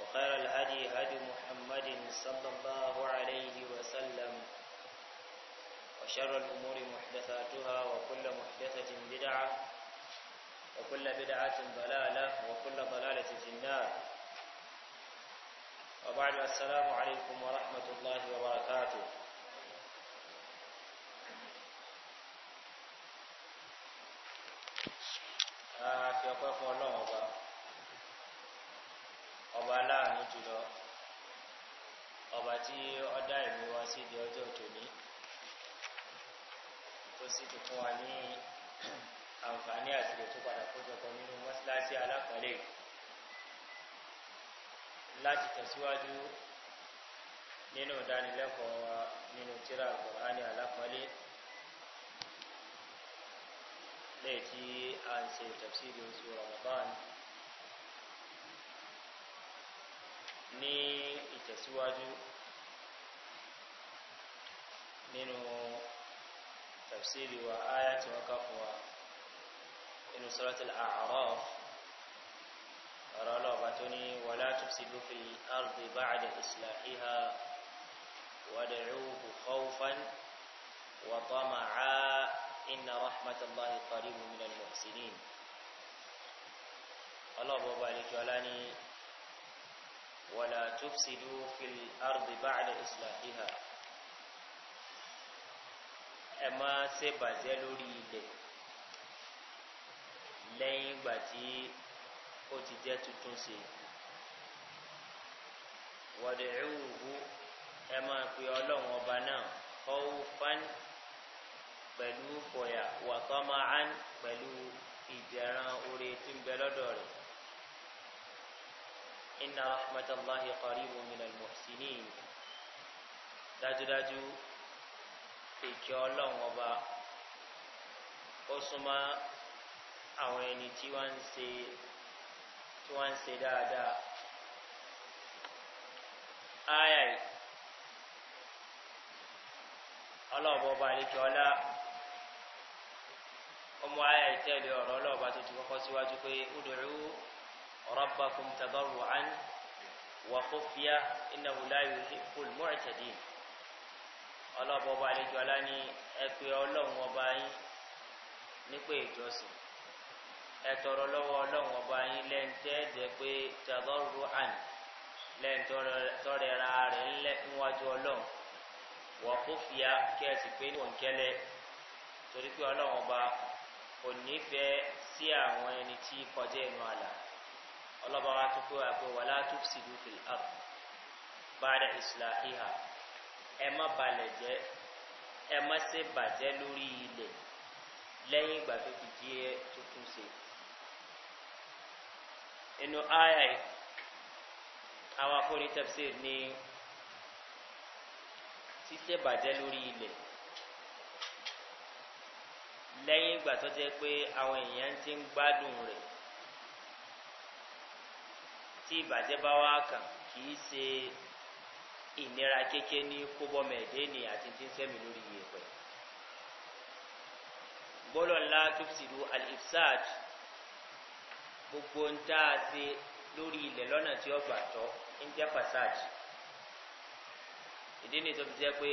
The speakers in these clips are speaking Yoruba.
وخير الهدي هدي محمد صلى الله عليه وسلم وشر الأمور محدثاتها وكل محدثة بدعة وكل بدعة ضلالة وكل ضلالة في النار وبعد السلام عليكم ورحمة الله وبركاته آه، في أقوى الله وبركاته ọba láàánú jùlọ ọba tí ọdá ìlú wa sí di ọjọ́ tòní tó sì ti fún wa ní àǹfààní àtìlè tó padà kójọpọ̀ nínú mọ́síláṣí alápọ̀lẹ́ láti tẹ̀síwájú nínú ìdánilẹ́kọ̀ọ́ wa nínú tíra àkùránì alápọ̀lẹ́ lẹ́yìn tí ń ṣe tẹ̀síwájú oṣù ramadan ní ìtẹ̀síwájú nínú tafsiri wa aya tí wọ́n ká fún wa nínú sọ́rọ̀tìl àárọ̀ ọ̀rọ̀ ọlọ́ọ̀bá tó ní wà látúnṣe lófin arzi bá àdà ìsìláhíhá ودعوه خوفا وطمعا إن رحمة الله قريب من المحسنين الله بابا لك ولاني ولا تفسدوا في الأرض بعد إصلاحها أما سبزلوا لي لين باتي أتجت تنسي wàdìcúhu ẹ máa pe ọlọ́run ọba náà kọ́wúfán pẹ̀lú fọ̀yà wàtọ́máán pẹ̀lú ìjẹran oore tí ń bẹ lọ́dọ̀ rẹ̀ إن رحمة الله قريب من المحسنين dájúdájú ìkẹ́ ọlọ́run ọba ó súnmọ́ àwọn ẹni tí wọ́n ń ṣe tí wọ́n ń ṣe dáadáa ayà yìí ọlọ́ọ̀bọ ọba àlekẹ́ ọlá ọmọ ayà tẹ̀lé ọ̀rọ̀ ọlọ́ọ̀bá tó ti kọ́kọ́ síwájú pé ó dòrú ربكم تضرعا وخفية إنه لا يحب المعتدين ọlọ́bọ̀ ọba àlejò alá ní ẹgbẹ́ ọlọ́run ọba yín nípò ìjọsìn ẹtọrọ lọ́wọ́ ọlọ́run ọba yín lẹ́ńtẹ́ jẹ́ pé tẹ̀lọ́rù àn lẹ́ńtọ́rẹ̀ra rẹ̀ ńlẹ̀ níwájú ọlọ́run wọ́n kó fìyà kẹ́sì pé ní òǹkẹ́lẹ́ torí pé ọlọ́run ọba kò nífẹ̀ẹ́ sí àwọn ẹni tí kọjá ẹnu àlàyé ọlọ́ba wa tó fún wa pé wà látú sí lùfìl up bára ìsìláhíhà ẹ má balẹ̀ jẹ́ ẹ má ṣe bàjẹ́ lórí ilẹ̀ lẹ́yìn ìgbà tó ti jí ẹ tuntun ṣe. inú àyà àwọn afọ́ni tafsir ní ṣíṣe bàjẹ́ lórí ilẹ̀ lẹ́yìn ìgbà tó jẹ́ pé àwọn èèyàn ti ń gbádùn rẹ̀ tí ìbàjẹ́ bá wá kàn kì í ṣe ìnira kéke ní kóbọ́mọ̀ ni àti tí ń sẹ́mi lórí iye pẹ̀. gbọ́dọ̀ ńlá tó sì lu alifsad gbogbo ń tá a ṣe lórí ilẹ̀ lọ́nà tí ó gbà tọ́ ń jẹ́ fasad. ìdí ni tó fi jẹ́ pé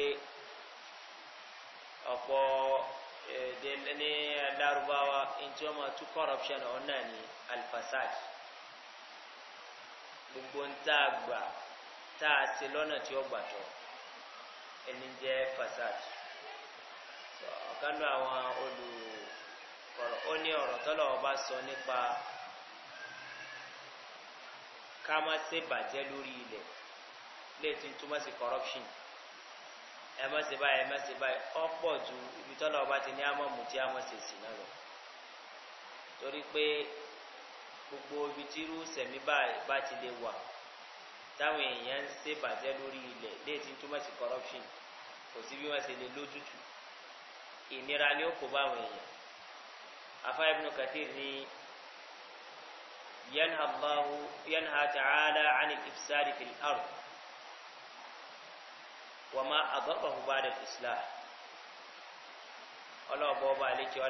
ọ̀pọ̀ ẹ̀ẹ́dẹ́ eh, ní lárúbáwá ń tí wọ́n máa corruption ọ̀hún náà ní alifasad. Al gbogbo ń tá a gbà tá a ṣe lọ́nà tí ó gbàtọ̀ ẹni jẹ́ fasad ọ̀kan náà àwọn olùkọ̀rọ̀ ó ní ọ̀rọ̀ tọ́lọ̀ ọba sọ nípa ká má ṣe bàjẹ́ lórí ilẹ̀ léètì túmọ̀ sí corruption ẹ má ṣe báyìí ẹ má ṣe báyìí ọ̀pọ̀ ju ibi tọ́lọ̀ ọba ti ní àmọ́ mú àmọ́ ṣe náà lọ torí pé gbogbo ibi tí irú sẹ̀mí bá ti lè wà táwọn èèyàn ń ṣe bàjẹ́ lórí ilẹ̀ léètí túmọ̀ sí corruption kò sí bí wọ́n ṣe lè lójútù ìnira ni ó kó bá àwọn èèyàn afa ibnu kathir ni yanha allahu yanha ta'ala ani ifsadi fil ard wa ma adaqahu ba'da al ọlọ́ọ̀bọ̀ ọba àlejò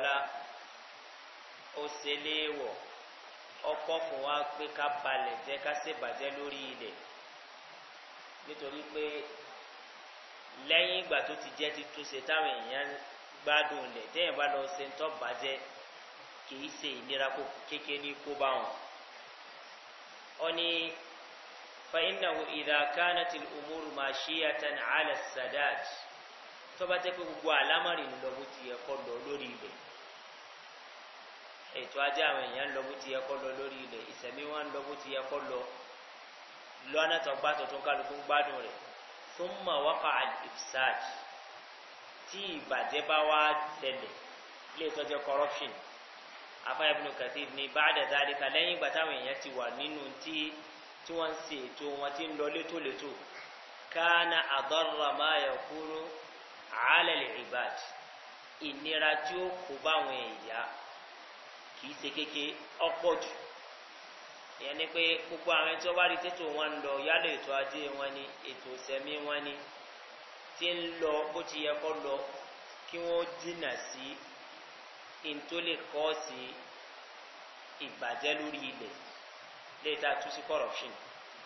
ó ṣe léèwọ̀ ọkọ̀ kò wá pé ká balẹ̀ jẹ́ ká ṣèbàjẹ́ lórí ilẹ̀ nítorí pé lẹ́yìn ìgbà tó ti jẹ́ ti túnṣe táwọn èèyàn gbádùn lẹ̀ tẹ́yìn bá lọ ṣe ń tọ́ bàjẹ́ kìí ṣe ìlera kékeré ní kó bá wọn. ó ní fàínàwó ìdàkánà ti umuru màṣíyàtàn àlẹ́ tó bá jẹ́ pé gbogbo àlámàrin lọ́wọ́ ti ẹ̀kọ́ lọ lórí ibẹ̀ ètò ajé àwọn èèyàn lọ bó ti yẹ kọ́ lọ lórí ilẹ̀ ìsẹ̀mí wọn lọ bó ti yẹ kọ́ lọ lọ́nà tó gbá tuntun kálukú gbádùn rẹ̀ tó mọ̀ wákà ìfisaj tí ìbàjẹ́ bá wá tẹ̀lẹ̀ lè tọ́jú corruption afa ibnu kathir ni báàdà dáríka lẹ́yìn ìgbà táwọn èèyàn ti wà nínú tí tí wọ́n ń se ètò wọn ti ń lọ létòlétò kánà àdọ́rọ̀ máa yẹ kúrú àálẹ̀ lè ìbàjẹ́ ìnira tí ó kó báwọn èèyàn kìí ṣe kéke ọ̀pọ̀ jù ìyẹn ni pé gbogbo àwọn ẹni tí wọ́n bá rí tètò wọn ń lọ yálò ètò ajé wọn ni ètò ìsẹ̀mí wọn ni tí ń lọ bó ti yẹ kọ́ lọ kí wọ́n dínà sí ìntólè kọ́ọ̀sì ìbàjẹ́ lórí ilẹ̀ léta túsí corruption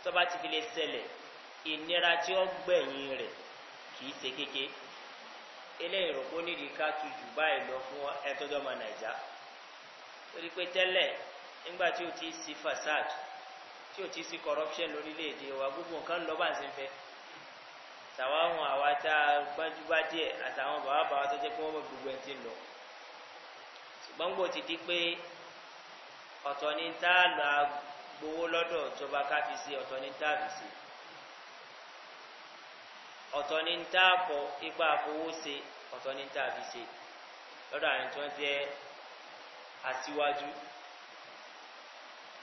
tó bá ti fi lè ṣẹlẹ̀ ìnira tí ó gbẹ̀yìn rẹ̀ kìí ṣe kéke eléyìí rò nídìí ká tu jù báyìí lọ fún ẹ tọ́jọ́ nàìjíríà torí pé tẹ́lẹ̀ nígbà tí o ti sí fasad tí o ti sí corruption lórílẹ̀‐èdè wa gbogbo nǹkan lọ́ bá ń sin tàwọn àwa tá a gbájú bá díẹ̀ àtàwọn bàbá bàbá tó jẹ́ pé wọ́n mọ̀ gbogbo ẹ̀ ti lọ ṣùgbọ́n gbò ti di pé ọ̀tọ̀ ni tá a lọ gbowó lọ́dọ̀ ìjọba ká fi sí ọ̀tọ̀ ni tá a fi sí ọ̀tọ̀ ni tá a kọ ipa àfowó ṣe ọ̀tọ̀ ni tá a fi ṣe lọ́dọ̀ àwọn jẹ́ àtiwájú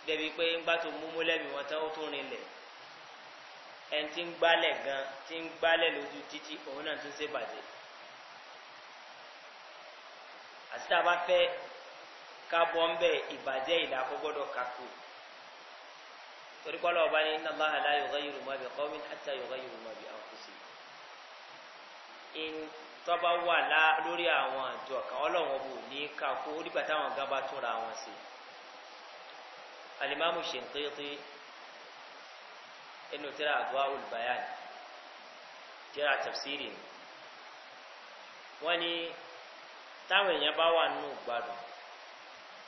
débi pé ńgbà tó mú mólẹ́bí wọn tán ó tún rinlẹ̀ ẹni tí ń gbálẹ̀ gan tí ń gbálẹ̀ lójú títí òun náà tún ṣe bàjẹ́ àti tá a bá fẹ́ ká bọ́ ń bẹ̀ ìbàjẹ́ ìlà àkọ́gbọ́dọ̀ kakú torí pọ́lọ́ ọba ní iná bá yorùbá bí kọ́mí àti àyọ̀gá yorùbá bí àwọn kùsì tọ́ba wà lórí àwọn àjọ kan ọlọ́wọ́n bò ní kakó nígbà táwọn gan bá túnra wọn sí alimamu ṣèǹkéńké inú tíra àdúrà olùbáyà tíra tafsiri ni wọ́n ní táwọn èèyàn bá wà nù gbádùn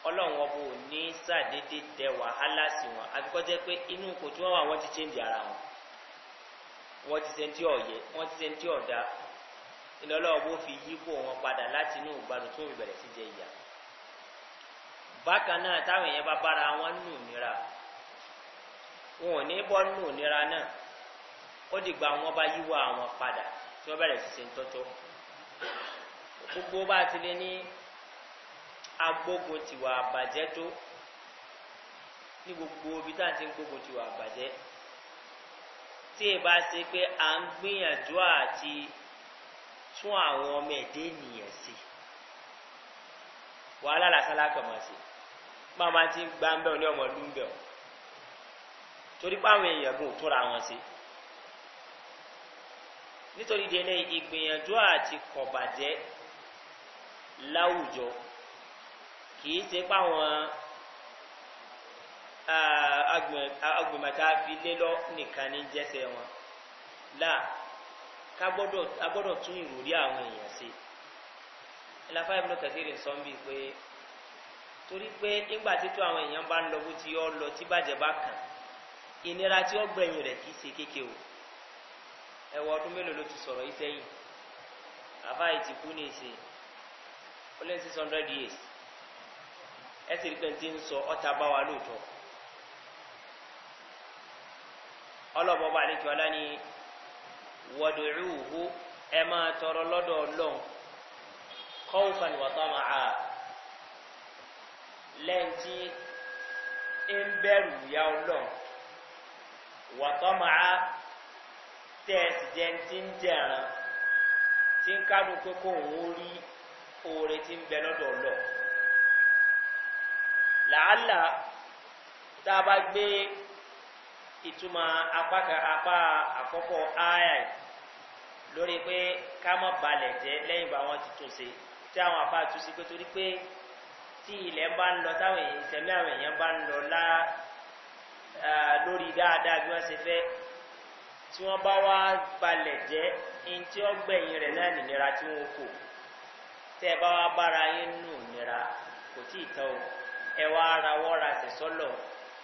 ọlọ́run ọba ò ní sàdédé dẹ wàhálà sí wọn àbíkọ́jẹ́ pé inú kò tí wọ́n wà wọ́n ti ṣéǹdì ara wọn wọ́n ti ṣe ń tí ọ̀yẹ́ wọ́n ti ṣe ń tí ọ̀dà ìlọ́lọ́wọ́ fi yípo wọn padà láti inú ìgbàdùn tó ìbẹ̀rẹ̀ sí jẹ ìyà bákan náà táwọn èèyàn bá bára wọn nù nira wọn ò ní bọ́ nù nira náà ó dìgbà wọn bá yíwọ àwọn padà tí wọn bẹ̀rẹ̀ sí ṣe ń tọ́tọ́ gbogbo bá ti lé ní agbógun tiwa àbàjẹ́ tó ní gbogbo ibi tá à ń ti gbógun tiwa àbàjẹ́ tí ì bá ṣe pé à ń gbìyànjú àti tún àwọn ọmọ ẹ̀dẹ́ ènìyàn sí wàhálà lásán lákàmọ́ sí máa máa ti ń gbá ń bẹ̀rù ní ọmọ ọdún bẹ̀rù torí pé àwọn èèyàn gùn túnra wọn sí nítorí dẹ́nà ìgbìyànjú àti kọ̀bàjẹ́ láwùjọ kìí ṣe páwọn agbèmọ̀ta ah, fi lé lọ nìkan ní jẹ́sẹ̀ wọn láà agbọ́dọ̀ tún ìròrí àwọn èèyàn sí ìlàfà ìbùnú kẹsìrì ń sọ ń bí pé torí pé nígbà títú àwọn èèyàn bá ń lọ bó ti yọ lọ tí bàjẹ́ bá kàn ìnira tí ó gbẹ̀yìn rẹ̀ kì í ṣe kéke o ẹ̀wọ̀ ọdún mélòó ló ti sọ̀rọ̀ yìí sẹ́yìn àbá ìtìkú ní ìsìn ó lé six hundred years ẹ sì rí pé ti ń sọ ọta bá wa lóòótọ́ ọlọ́bọ̀ bá àlejò ọlá ni wàdùrúhu ẹ máa tọrọ lọ́dọ̀ ọlọ́run kọ́ọ̀fà ni wàtá máa hà lẹ́yìn tí ń bẹ̀rù ìyá ọlọ́run wàtá máa tẹ̀sí jẹ́ ti ń jẹ̀ràn tí ń kádùn pé kó òun rí oore tí ń bẹ lọ́dọ̀ ọlọ́run làálàá tá a bá gbé ìtumọ̀ apáka apá àkọ́kọ́ ayà lórí pé ká mọ̀ balẹ̀ jẹ́ lẹ́yìn bá wọn ti tún ṣe tí àwọn apá tún sí pé torí pé tí ilẹ̀ bá ń lọ táwọn èèyàn ìsẹ̀mí àwọn èèyàn bá ń lọ lá lórí dáadáa bí wọ́n ṣe fẹ́ tí wọ́n bá wá balẹ̀ jẹ́ in tí ó gbẹ̀yìn rẹ̀ náà nìnira tí wọ́n kò tẹ́ ẹ bá wá bára yín nù nira kò tí ì tán o ẹ wá ara wọ́ra tẹ̀sọ́lọ̀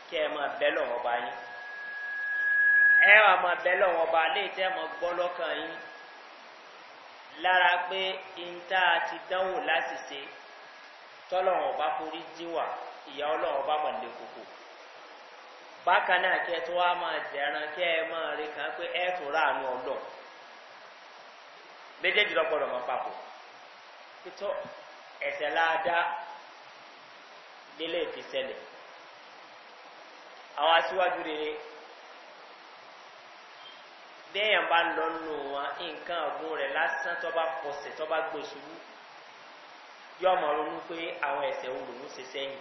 kí ẹ máa bẹ́ lọ́wọ́ bá yín ẹ wà máa bẹ lọ́wọ́ ọba lè tẹ́ mọ gbọ́ lọ́kàn yín lára pé ìta ti dánwò láti ṣe tọ́lọ́wọ́ ọba forí díwà ìyá ọlọ́wọ́ ọba mọ̀lẹ́ kòkò bákan náà kẹ́ tó wá máa jẹran kẹ́ ẹ máa rí kan pé ẹ tó ráàánú ọlọ́ méjèèjì lọ́gbọ́dọ̀ mọ́ papọ̀ pítọ́ ẹ̀sẹ̀ láadá lélẹ̀ ìfisẹ́lẹ̀ àwọn aṣíwájú rere bẹ́ẹ̀yàn bá lọ nù wọn nǹkan ọ̀gbun rẹ̀ lásán tó bá pọ̀sẹ̀ tó bá gbòṣùwú yóò mọ̀ ronú pé àwọn ẹ̀sẹ̀ olùmú ṣe sẹ́yìn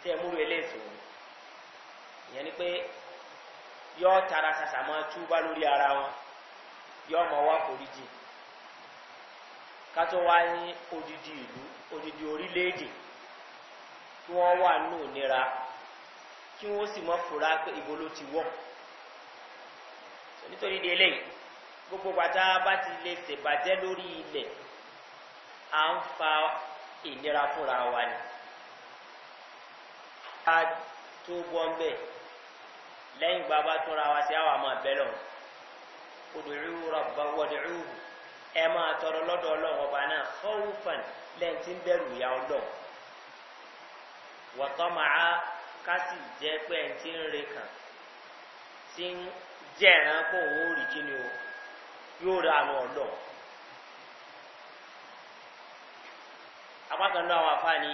tí ẹ múlò eléèsò wọn ìyẹn ni pé yóò tara ṣàṣà máa túbá lórí ara wọn yóò mọ̀ wá foríjì ká wá ní odidi ìlú odidi orílẹ̀-èdè kí wọ́n wà nù nira kí wọ́n sì mọ̀ fura pé ibo ti wọ̀ nítorí di eléyìí gbogbo pàtà bá ti lè ṣèbàjẹ́ lórí ilẹ̀ à ń fa ìnira fúnra wa ni a tó bọ́ ń bẹ̀ lẹ́yìn ìgbà bá túnra wa sí àwọn àmọ́ ẹ̀bẹ́ lọ òdòdó rọ̀bà wọ̀dòdó ẹ máa tọrọ lọ́dọ̀ ọlọ́run ọba náà fọ́wùfàn lẹ́yìn tí ń bẹ̀rù ìyá ọlọ́run wọ̀tọ́ màá kásì jẹ́ pé ẹ̀ ń ti ń re kàn tí ń jẹ́ ẹ̀ràn pọ̀ òun rí kí ni o yóò rí àánú ọ̀dọ́ apákan náà wà fáà ní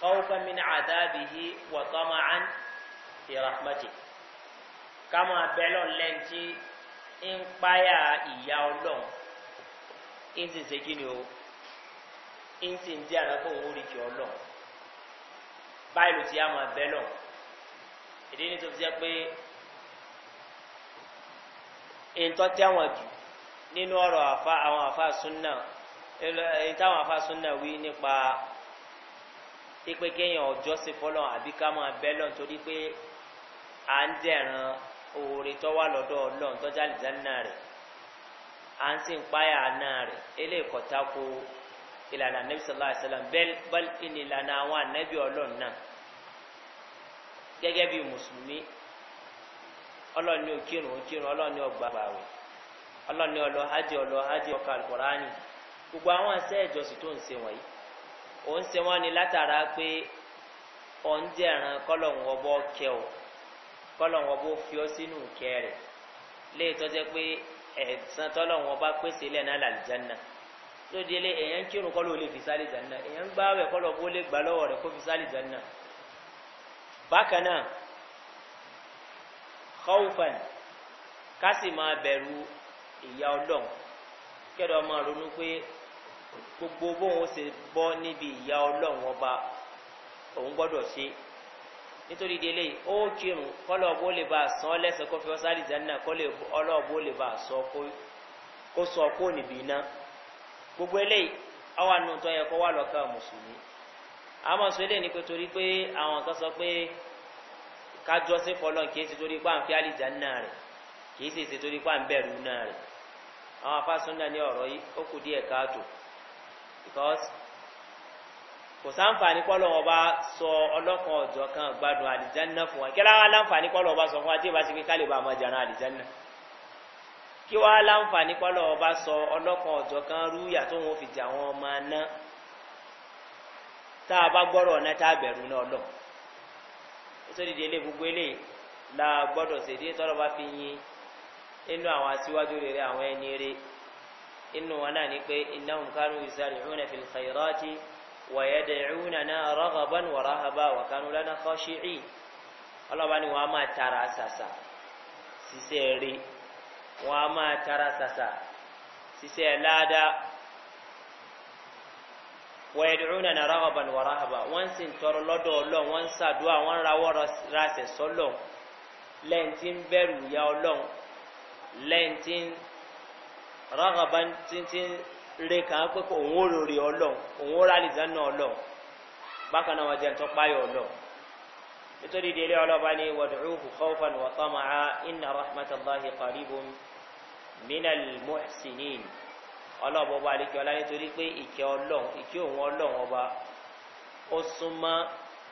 kọ́wọ́fẹ́ mi ní àdábìhí wọ̀tọ́mọ̀ án ìràpàjẹ́ ká máa bẹ́lọ̀ lẹ́ntí ń páyà ìyá ọlọ́run ń sì ṣe kí ni o ń sì ń jẹ́ àná kó òun rí kí ọlọ́run báyìí ló ti yá ìntọ́ tẹ́wọ̀n jù nínú ọ̀rọ̀ àwọn àfàsúnà ìtàwọn àfàsúnà wí nípa pípé kéèyàn ọjọ́ sí fọ́lọ́ àbí ká máa bẹ́lọ̀ torí pé à ń dẹ̀ran oore tó wà lọ́dọ̀ ọlọ́run tó jáde jáde rẹ̀ à ń sì ń páyà náà rẹ̀ eléyìí kọ́ tako ìlànà anabi sallallahu alayhi wa sallam bẹ́ẹ̀ ni ìlànà àwọn anabi ọlọ́run náà gẹ́gẹ́ bí mùsùlùmí ọlọ́ni ò kírun ò kírun ọlọ́ni ọlọ ọlọ́ni ọlọ́ gbogbo àwọn ẹsẹ̀ ìjọsìn tó ń se wọ̀nyí ò ń se wọ́n ni látara pé ọ̀ ń jẹ̀ràn kọ́lọ̀hún ọbọ̀ kẹ ò kọ́lọ̀hún ọbọ̀ fi ọ́ sínú rẹ̀ pé ẹ̀sán pèsè náà lóde ilé èèyàn ń kírun kọ́ọ̀fàn ká sì máa bẹ̀rù ìyá ọlọ́run kẹ́dọ̀ máa ronú pé gbogbo bóun ó ṣe bọ́ níbi ìyá ọlọ́run ọba òun gbọ́dọ̀ ṣe nítorí délé ó kírun kọ́lọ̀ bó lè bá a sàn ọ́ lẹ́sẹ̀ kó fi ọ́ sáré zanna kọ́lọ̀ bó lè bá a sọ kó sọ kó níbi iná gbogbo eléyìí àwọn àna tó yẹ kó wà lọ́kàn mùsùlùmí àmọ́ sọ eléyìí ni pé torí pé àwọn kan sọ pé kájọ́ sí fọlọ́n kìí ṣe torí pàm fi àlìjá náà rẹ̀ kìí ṣe ṣe torí pàm bẹ̀rù náà rẹ̀ àwọn afásúnà ní ọ̀rọ̀ yìí ó kù díẹ̀ káàtó because kò sáǹfààní kọ́lọ̀ ọba sọ ọlọ́kan ọ̀jọ̀ kan gbádùn àlìjá náà fún wa kí láwa láǹfààní kọ́lọ̀ ọba sọ fún wa tí ìbá ti fi kálí bá máa jàrán àlìjá náà kí wàá láǹfààní kọ́lọ̀ ọba sọ ọlọ́kan ọ̀jọ̀ kan rúyà tó wọn fi jà wọn máa ná tá a bá gbọ́rọ̀ ọ̀nà tá a bẹ̀rù náà lọ́wọ́ nítorí délé gbogbo eléyìí la gbọ́dọ̀ ṣèdí tọ́lọ́ bá fi yin inú àwọn aṣíwájú rere àwọn ẹni rè inú wọn náà ni pé iná nǹkanú ìsàlẹ̀ ìhùn ẹ̀fẹ̀ ìkàìrọ́tì wọ̀yẹ́dẹ̀ ìhùn náà rọ́gàbọ́n wọ̀ráhàbá wọ̀kánú lọ́nà kọ́ṣíì ọlọ́ba ni wọ́n á máa tara ṣàṣà ṣiṣẹ́ rí wọ́n á máa tara ṣàṣà ṣiṣẹ́ ládàá wẹ̀dùnúnà raghaban wa rahaba wọ́n sì ń tọrọ lọ́dọ̀ ọlọ́run wọ́n ń sàdúrà wọ́n ń rawọ́ rasẹ̀ sọ́lọ̀ lẹ́yìn tí ń bẹ̀rù ìyá ọlọ́run lẹ́yìn tí ń raghaban tí ń re kàn pé kò òun ò lórí ọlọ́run òun ò rálì dáná ọlọ́run bákan náà wọ́n jẹ́ ntọ́ páyọ̀ ọlọ́run nítorí délé ọlọ́ba ni wàdùnúhù khawfan wa tama'a inna rahmatallahi qaribun minal muhsinin ọlọ́ọ̀bọ̀ ọba àdékẹ́ ọlá nítorí pé ìkẹ́ ọlọ́run ìkẹ́ òun ọlọ́run ọba ó súnmọ́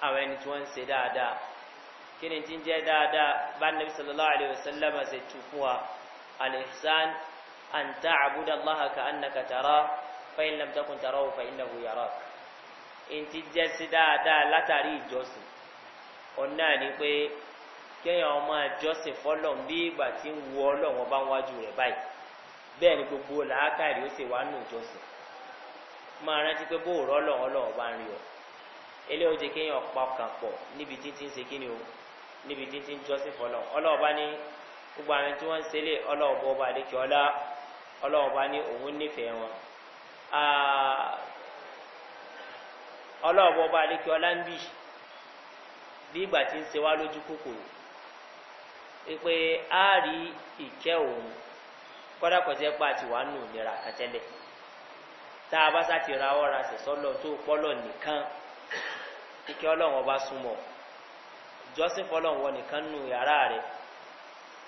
àwọn ẹni tí wọ́n ń ṣe dáadáa kí ni ti ń jẹ́ dáadáa bá nàbí sọlọ́lá àlè wàsálàmà ṣe tù fún wa alẹ́sán àǹtá àbúdá láhà ká ànàkà tàrà fẹ́yìn lamtakùn tàrà ò fẹ́yìn nàbù yàrá ń ti jẹ́ sí dáadáa látàrí ìjọsìn ọ̀nà ni pé kéèyàn máa jọ́sìn fọ́lọ́n bí ìgbà tí ń wo ọlọ́run ọba wájú rẹ̀ báyìí bẹ́ẹ̀ ni gbogbo làákàrí ó sì wá nù jọ́sìn máa rántí pé bó lọ́wọ́ lọ́wọ́ ọ eléyìí ó jẹ́ kéèyàn pa ọkàn pọ̀ níbi títí ń ṣe kí ni o níbi títí ń jọ́sìn fọlọ́ ọlọ́ọ̀bá ní gbogbo àwọn tí wọ́n ń ṣẹlẹ̀ ọba ọlá ní òun nífẹ̀ẹ́ ọba ọlá ń bì bí ìgbà tí ń ṣe a ìkẹ́ òun kọ́dà kò jẹ́ àti wà nù nira tá a bá sá ti ra ọ́ sẹ̀sọ́lọ̀ tó pọ́lọ̀ nìkan kíkẹ́ ọlọ́run ọba súnmọ́ jọ́sìn fọlọ́run wọ nìkan nù yàrá rẹ̀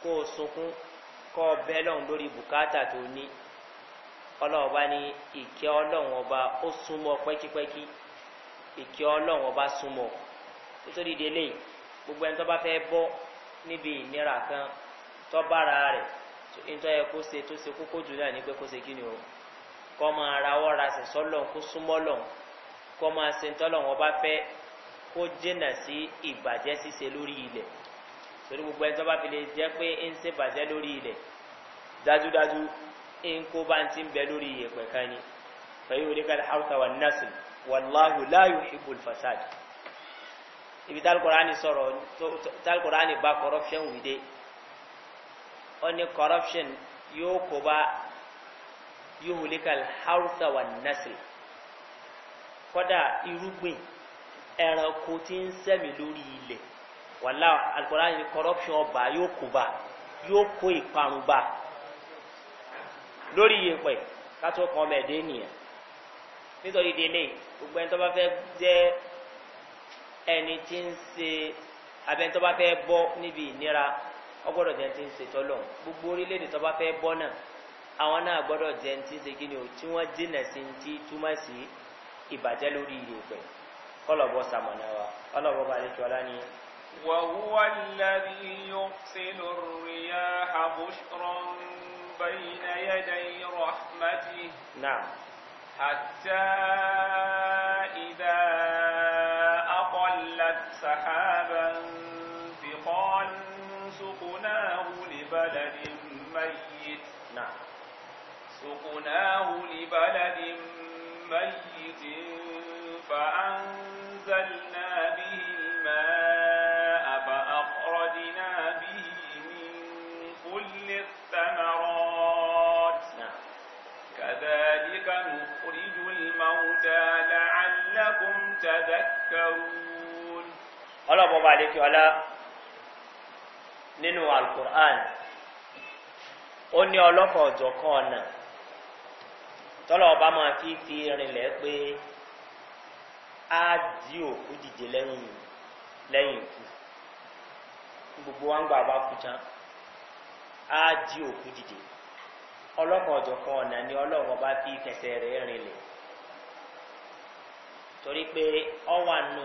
kó o sunkún kọ́ ọ bẹ́ẹ̀ lọ́run lórí bùkátà tó ní ọlọ́run ọba ní ìkẹ́ ọlọ́run ọba ó súnmọ́ pẹ́kípẹ́kí ìkẹ́ ọlọ́run ọba súnmọ́ nítorí bá fẹ́ bọ́ nítorí ẹ kó ṣe tó ṣe kókó jù náà ní pé kó ṣe kí ni o kọ́ máa rawọ́ ra sẹ̀sọ́ lọ́n kó súnmọ́ lọ́n kọ́ máa ṣe ń tọ́lọ̀ wọn bá fẹ́ kó jìnà sí ìbàjẹ́ ṣíṣe lórí ilẹ̀ torí gbogbo ẹni tó bá fi lè jẹ́ pé ń ṣe bàjẹ́ lórí ilẹ̀ dájúdájú ń kó bá ń ti bẹ lórí ìyẹ̀pẹ̀ kan ni fẹ̀yìn oníkàlẹ̀ hausa wà násìn wàláhù láyò ìbùl fasad ibi tálkùránì sọ̀rọ̀ tálkùránì bá corruption wìde ó ní corruption yóò kó bá yuhulikal hausa wa nasir kọ́dà irúgbìn ẹranko tí ń sẹ́mi lórí ilẹ̀ wàlá alukọ́lá ni corruption ọba yóò kó bá yóò kó ìparun bá lórí iyepẹ̀ kátó kan ọmọ ẹ̀dẹ́ nìyẹn nítorí délé gbogbo ẹni tó bá fẹ́ jẹ́ ẹni tí ń se abẹ́ni tó bá fẹ́ bọ́ níbi ìnira ọgbọ́dọ̀ jẹ́ ti ń ṣètọ́ lọ gbogbo orílẹ̀-èdè tó bá fẹ́ náà àwọn náà gbọ́dọ̀ jẹ́ ti ń ṣe kí ni o tí wọ́n dínà sí ti túmọ̀ sí ìbàjẹ́ lórí ìyókùn kọlọ̀bọ̀ sàmọ̀nà wa ọlọ́bọ̀ bá lè tọ́lá ní. وهو الذي يرسل الرياح بشرا بين يدي رحمته نعم حتى إذا أقلت سحابا ثقالا سقناه لبلد ميت نعم سقناه لبلد ميت فأنزلنا به الماء فأخرجنا به من كل الثمرات نعم. كذلك نخرج الموتى لعلكم تذكرون ألا بابا عليك وعلى nínú alukur'an ó ní ọlọ́kọ̀ ọ̀jọ̀ kan ọ̀nà tọ́lọ̀ ọba máa fi fi rinlẹ̀ pé á di òkú dìde lẹ́yìn lẹ́yìn ikú gbogbo wa ń gbà bá kú tán á di òkú dìde ọlọ́kọ̀ ọ̀jọ̀ ọ̀nà ni ọlọ́kọ̀ bá fi fẹsẹ̀ rẹ̀ rinlẹ̀ torí pé nù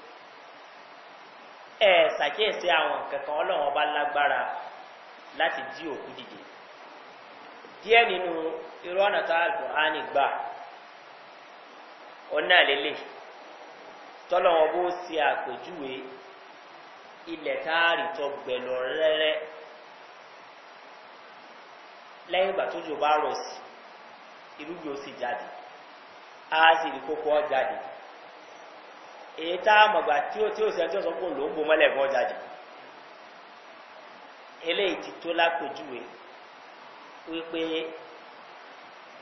ẹ ṣàkíyèsí àwọn nǹkan kan ọlọ́run ọba lágbára láti dí òkú dìde díẹ̀ nínú irú ọ̀nà tá àlùkùránì gbà ọ̀nà àlélẹ̀ tọ́lọ́wọ́n bó ṣe àpèjúwe ilẹ̀ táàrí tó gbẹ̀lọ̀ rẹ́rẹ́ lẹ́yìn ìgbà tójò bá rọ̀ sí irúgbìn ó sì jáde á sì rí kókó jáde èyí tá a mọ̀gbà tí ó tí ó tí ó sọ pé òun ló ń bo mọ́lẹ̀ jáde eléyìí ti tó lápèjúwe wípé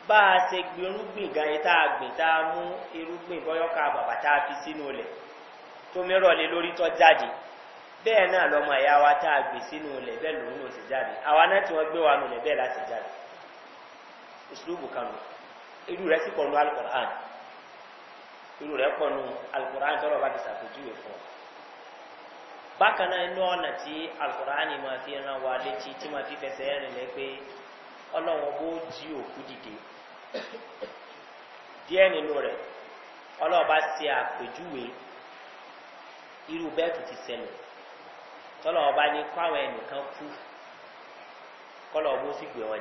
bá a ṣe gbin irúgbìn gan yìí tá a gbìn tá a mú irúgbìn bọ́yọ́ka bàbà tá a fi sínú tó mìíràn lé lórí wa tá a gbìn sínú bẹ́ẹ̀ lòun sì jáde àwa náà irú rẹ̀ pọ̀ nù alukur'an bá ti fún ọ. bákan náà inú ọ̀nà tí alukur'an máa fi ran wa létí tí máa fi fẹsẹ̀ rìn lẹ́ pé ọlọ́wọ́n bó jí òkú dìde díẹ̀ nínú rẹ̀ ọlọ́ọ̀bá ṣe àpèjúwe irú ti sẹlẹ̀ ní ẹnìkan kú sì gbé wọn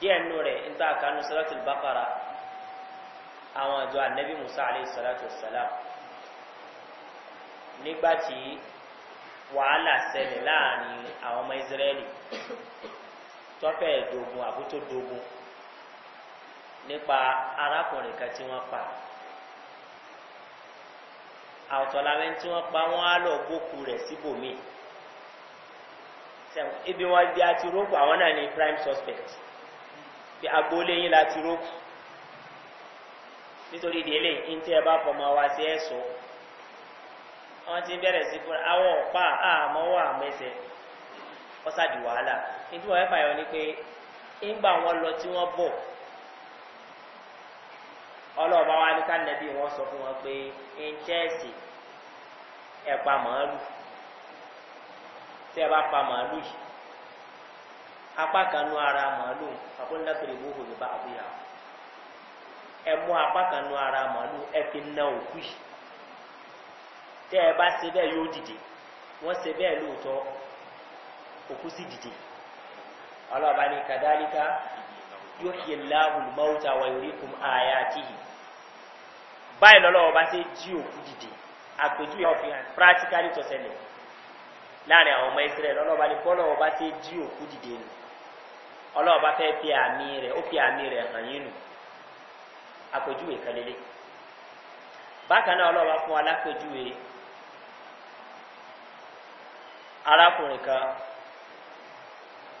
díẹ̀ nù rẹ̀ ń tà kánú sọ́lọ́tì bákàrà àwọn àjọ ànẹ́bí musa alẹ́ sọ́lọ́tì sàlám nígbà tí wàhálà sẹlẹ̀ láàrin àwọn ọmọ ìsírẹ́lì tọ́fẹ̀ dogun àbútó dogun nípa arákùnrin kan tí wọ́n pa àwòtọ́láwẹ́ tí wọ́n pa wọ́n á lọ gbókù rẹ̀ síbòmíì ibi wọn di àti rògbò àwọn náà ní prime suspect pé agboolé yín láti rókù nítorí ìdílé yín tí ẹ bá fọmọ wa sí ẹ̀sọ́ wọ́n ti bẹ̀rẹ̀ sí fún awọ́ ọ̀pá àmọ́wọ́ àmẹ́sẹ̀ ọ̀sàdì wàhálà nítorí wọ́n fẹ́ fàyọ ni pé ńgbà wọn lọ tí wọ́n bọ̀ ọlọ́ọ̀bá wa ní kánẹ́bí wọn sọ fún wọn pé íńtẹ́ẹ̀sì ẹ̀pa màálù tí ẹ bá pa màálù yìí apá kan nú ara màálù yìí kulna firibuhu bi ba'diha ẹ mú apá kan nu ara màálù ẹ fi na òkú yìí tẹ́ ẹ bá ṣe bẹ́ẹ̀ yóò dìde wọ́n ṣe bẹ́ẹ̀ lóòótọ́ òkú sì dìde ọlọ́ọ̀bá ní kàdálíkà yóò ṣe láhùn mọ́ta wà yóò rí kùn ààyè àti yìí báyìí lọ́lọ́wọ́ bá ṣe jí òkú dìde àpèjúwe ọ̀fìn hàn practically tọ́sẹ̀lẹ̀ láàrin àwọn ọmọ ìsirẹ̀ lọ́lọ́ọ̀bá ní bọ́lọ́wọ́ bá ṣe jí òkú dìde nù ọlọ́ọ̀bá fẹ́ fi àmì rẹ̀ ó fi àmì rẹ̀ hàn yín nù àpèjúwe kan lélẹ̀ bákan náà ọlọ́ọ̀bá fún wa lápèjúwe arákùnrin kan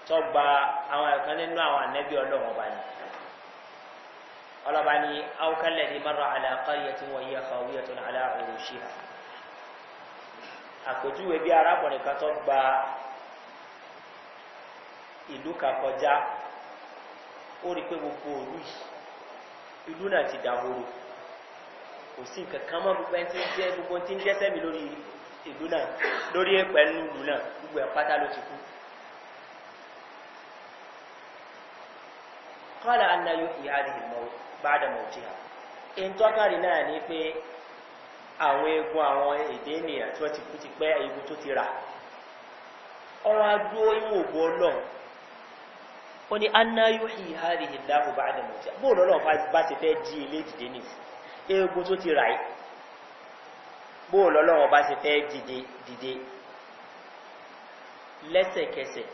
tó gba àwọn ẹ̀kan nínú àwọn ànẹ́bí ọlọ́wọ́n bá ní ọlọ́ba ní awúkálẹ̀ ní mọ́rọ̀ àlàkọ́yẹ tí wọ́n yí ẹ̀kọ́ wíyẹ tó ní aláàrùn òṣìṣẹ́ àpèjúwe bí arákùnrin kan tó ìlú kan kọjá ó rí pé gbogbo òlú yìí ìlú náà ti dàwòrò kò sí nǹkan kan mọ́ gbogbo ẹni tí gbogbo ti ń dẹ́sẹ̀ mi lórí ìlú náà lórí ẹ̀pẹ̀ nínú ìlú náà gbogbo ẹ̀ pátá ló ti kú. kọ́lá anna yóò fi àdìyẹ mọ́ bá hà ìtọ́kàrí náà ni pé àwọn egun àwọn èdè ènìyàn tí wọ́n ti kú ti pẹ́ egun tó ti rà ọ̀rọ̀ adúó ìwọ̀n ògbó ọlọ́run ó ní anáyóhì hàrìhì láhùn bá àdàmù tí bóò lọ́lọ́ bá ti fẹ́ jí ilé dìde ní tó ti ràí bóò lọ́lọ́ bá ti fẹ́ dide. Lese lẹ́sẹ̀kẹsẹ̀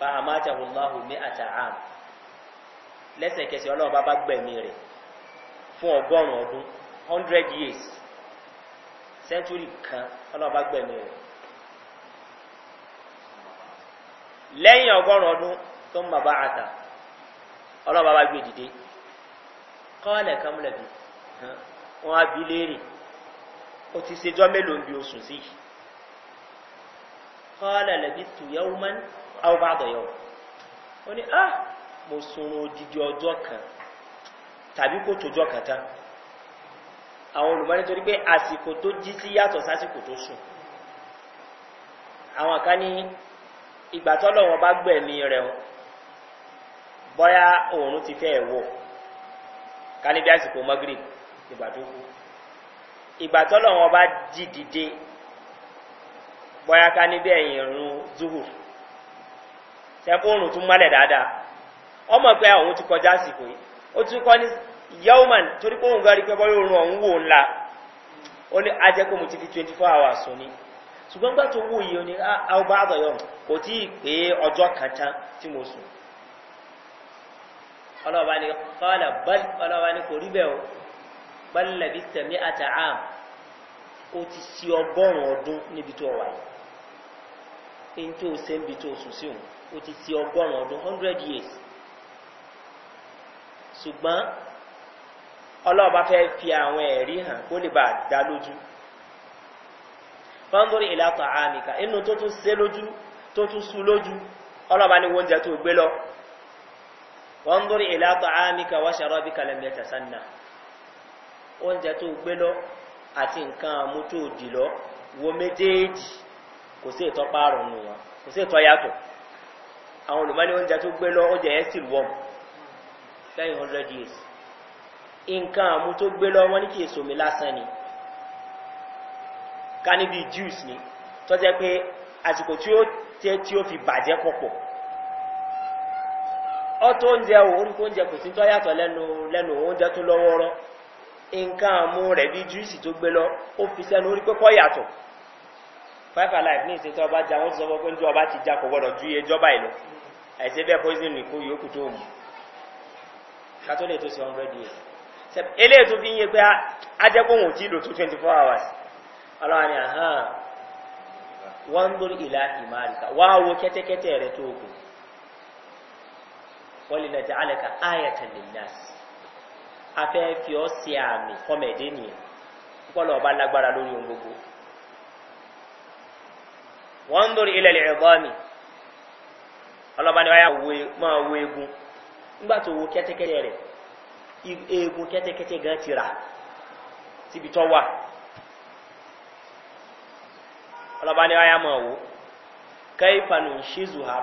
bá a máa tàwọn láhùn ní lese lẹ́sẹ̀kẹsẹ̀ ọlọ́run bá bá gbẹ̀mí rẹ̀ fún ọgọ́rùn-ún ọdún hundred years century kan ọlọ́run bá gbẹ̀mí rẹ̀ lẹ́yìn ọgọ́rùn-ún tó ń bàbá àtà ọlọ́ba bá gbé dìde kọ́ọ̀lẹ̀ kamlẹ̀bì wọn á bí léèrè ó ti ṣejọ́ mélòó ń bi oṣù sí kọ́ọ̀lẹ̀ lẹ̀bí tùyẹ́wó mọ́ni àwọn bá dọ̀yẹ̀wò ó ní ah mo sunrun odidi ọjọ́ kan tàbí kò tójọ́ kan tán àwọn olùmọ́ nítorí pé àsìkò tó jí sí yàtọ̀ sásìkò tó sùn àwọn kan ní ìgbà tọ́lọ̀ wọn bá gbẹ̀mí rẹ̀ bọ́yá òòrùn ti fẹ́ wọ̀ ká níbi àsìkò magrib ìgbà tó kú ìgbà tọ́lọ̀ wọn bá jí dìde bọ́yá ká ìrún zuhu tẹ́kọ̀ tún mọ́lẹ̀ dáadáa ọmọ pé òun ti kọjá àsìkò yìí ó tún kọ́ ní yauman torí pé òun pé bọ́yá wò ni ṣùgbọ́n ọlọ́ọ̀bá ni kọ́lá bẹ́ẹ̀ ọlọ́ọ̀bá ni kò rí bẹ́ẹ̀ o bẹ́ẹ̀lẹ̀ bí tẹ̀mí àtàám ó ti si ọgọ́rùn-ún ọdún níbi tó wà yìí ní tó ṣe ń bi tó sùn sí òun ti si ọgọ́rùn ọdún hundred years ṣùgbọ́n ọlọ́ọ̀bá fẹ́ fi àwọn ẹ̀rí hàn kó lè bá a dá lójú fọ́nbórí ìlàtọ̀ àmì ká inú tó tún ṣe lójú tó tún sú lójú ọlọ́ọ̀bá ni wọ́n jẹ́ tó gbé lọ wọ́ndúr ìlàtọ̀ àmìkà wá ṣàrọ́bí kalẹ̀mẹ̀ tẹ̀sánà oúnjẹ tó gbé lọ àti nǹkan àmú tó dì lọ wo méjèèjì kò sí ìtọ́ pààrọ̀ nù wọn kò sí ìtọ́ yàtọ̀ àwọn olùmọ́ni oúnjẹ tó gbé lọ oúnjẹ yẹn still warm seven hundred years nǹkan àmú lọ wọn ní kí èso mi lásán ni ká níbi juice ni tọ́jẹ́ pé àsìkò tí ó tẹ́ tí ó fi bàjẹ́ pọ̀pọ̀ ọtọ oúnjẹ o orí kó oúnjẹ kò sí tó yàtọ̀ lẹ́nu oúnjẹ tó lọ́wọ́ rọ́ nǹkan àmú rẹ̀ bí júìsì tó gbé lọ ó fi sẹ́nu orí pé kọ́ yàtọ̀ alive ní ọba jà wọ́n ti sọ pé ní ọba ti jà kò gbọ́dọ̀ ju ẹjọ́ba ìlọ àìsí bẹ́ẹ̀ poison ní kó yòókù tó mú hundred eléyìí tó fi ń pé ajẹ́kùnrin twenty four hours ọlọ́run ni wọ́n ń ìlà wá kẹ́tẹ́kẹ́tẹ́ wọ́lìnàjàálẹ̀ka ayẹ̀tẹ̀ lìnàs afẹ́ fi ọ́ sí àmì fọ́mẹ̀dé nìyẹn púpọ̀lọ̀ ọba lágbára lórí ohun gbogbo wọ́n ń dórí ilẹ̀ ẹ̀bọ́mi ọlọ́ba ni egun nígbà tó wo kẹ́tẹ́kẹ́tẹ́ rẹ̀ egun kẹ́tẹ́kẹ́tẹ́ gan ti ni wáyà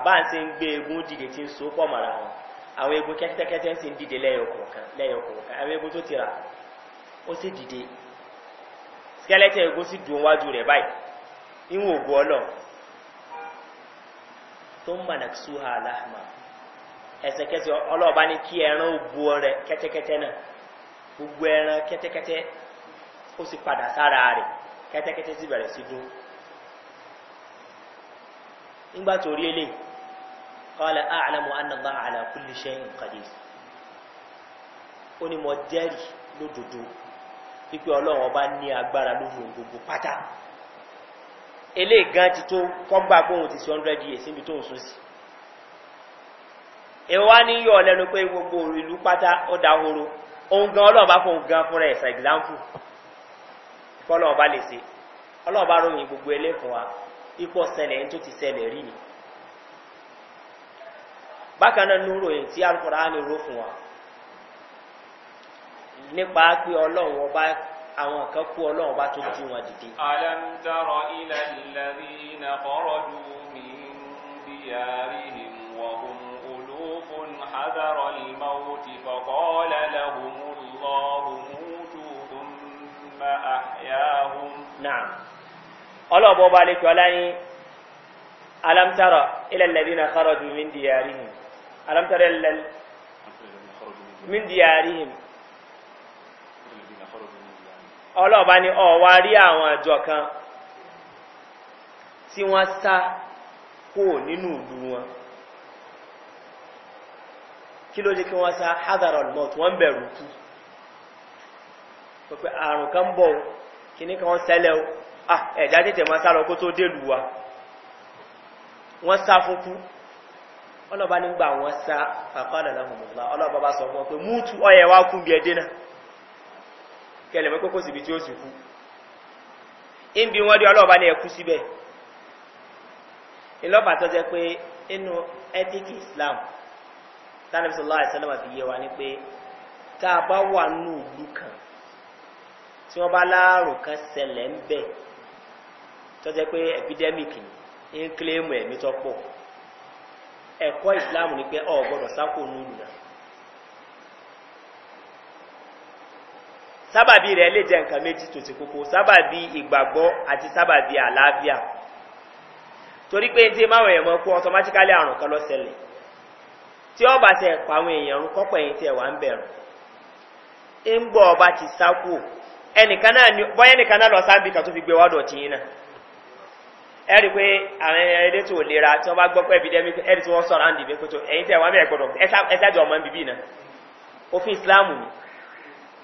máa se egun àwọn egun kẹ́tẹ́kẹ́tẹ́ si ń dìde lẹ́yọkọ̀ọ̀kan àwọn egun tó ti rà ó sì dìde skeleton egun sì dùn wájú rẹ̀ báyìí níwọ̀n ògùn ọlọ́run tó ń bà náà súhà aláhàmà ẹsẹ̀kẹsẹ̀ ọlọ́ọ̀bá ní kí ẹran òbu ọrẹ kẹ́tẹ́kẹ́tẹ́ náà gbogbo ẹran kẹ́tẹ́kẹ́tẹ́ ó sì padà sára rẹ̀ kẹ́tẹ́kẹ́tẹ́ sì bẹ̀rẹ̀ sí nígbà tó قال a'lamu anna الله على كل شيء قدير. ó ní mo jẹ́rìí lódodo wípé ọlọ́run ọba ní agbára lóhun gbogbo pátá eléyìí gan ti tó kọ́gbà gbóhùn ti sí hundred years níbi tó ń sún sí ìwá ní yọ lẹ́nu pé gbogbo ìlú pátá ó dá horo ohun gan ọlọ́run bá fóun gan for example kọ́ ọlọ́run bá lè ṣe ọlọ́run bá ròyìn gbogbo ẹlẹ́kùn wa ipò sẹlẹ̀ ẹni tó ti sẹlẹ̀ rí ni bákanáà nírò yìí tí alukọ̀ránì ró fún wa nípa pé ọlọ́run ọba àwọn kan kú ọlọ́run ọba tó jí wọn dìde. alamtaro ilẹ̀ ìlẹ̀rí na kọ́rọ̀ ju mi bí yàrí ni wọ̀hún olófin hadarọ̀ ìmọ̀wó ti fọ̀kọ́ lẹ́lẹ́hùn lọ́hùn mútùkùn bá àyáhùn. náà ọlọ́ọ̀bọ̀ ọba lè kí ọlá ilẹ̀ ìlẹ̀rí na kọ́rọ̀ ju mi bí yàrí ni alam tara illal min diyarihim ọlọ́ọ̀bá ni ọ̀wá rí àwọn àjọ kan tí wọ́n sá kó nínú ìlú wọn kí ló jẹ́ kí wọ́n sá hazard on mouth wọ́n bẹ̀rù kú pẹ̀pẹ̀ àrùn kan bọ̀ kí ní kan wọ́n sẹ́lẹ̀ ẹ̀dá tètè wọ́n sá lọ kó tó délùú wa wọ́n sá fún kú ọlọ́ba nígbà wọn sá fàkọ́lá ọla ọlọ́ba bá sọ fún ọ pé mútu ọyẹ wá kú bí ẹdínà kẹlẹ̀ kókó síbi tí ó sì kú ìbí wọn dé ọlọ́ba ní ẹkú síbẹ̀ ìlọ́ba tó jẹ́ pé inú ẹ́tíkì islam tánàbí sọlá àìsànlọ́wà fi yẹ wa ni pé tá a bá ẹ̀kọ́ ìsìláàmù ní pé ọ gbọ́dọ̀ sákò núlù náà sábàbí rẹ̀ lè jẹ́ nǹkan méjì tó ti kókó sábàbí ìgbàgbọ́ àti sábàbí àlàáfíà torí pé tí máwọn èèyàn mọ́ àrùn kan lọ́sẹ̀lẹ̀ tí ti ẹ̀pọ̀ àwọn èèyàn kọ́pọ̀ ẹ̀rí pé àwọn ẹ̀yẹ ilé tó lera tí wọ́n bá gbọ́ pé epidemic ẹ̀rí tí wọ́n sọ̀rọ̀ àǹdì ìbẹ́kótó ẹ̀yìn tẹ̀ wọ́n bẹ̀rẹ̀ gbọ́dọ̀ ẹ̀sájọ ọmọ bíbí náà òfin ìsìláàmù ni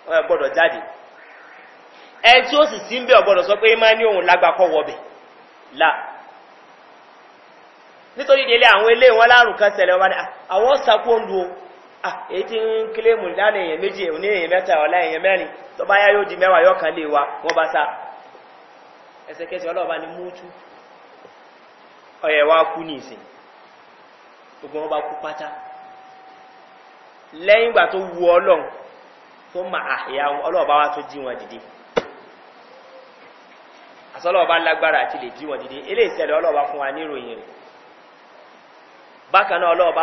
wọ́n gbọ́dọ̀ jáde ẹni tí ó sì sí ń bẹ̀ ọ̀gbọ́dọ̀ sọ pé máa ní òun lágbàkọ́ wọbẹ̀ là nítorí ìdílé àwọn ilé wọn lárùn kan sẹlẹ̀ wọn àwọn sàkó ń lu o èyí tí ń kílèmù lánàá èèyàn méjì èèyàn mẹ́ta ọ̀la èèyàn mẹ́rin tó ọ̀yẹ̀ wá kú ní ìsìn gbogbo wọn bá kú pátá lẹ́yìn ìgbà tó wu ọlọ́run tó ma àyà ọlọ́ọ̀bá wá tó jí wọn dìde àsọlọ́ọ̀bá lágbára àti lè jí wọn dìde eléyìí sẹ́lẹ̀ ọlọ́ọ̀bá fún wa níròyìn rẹ̀ bákan náà ọlọ́ọ̀bá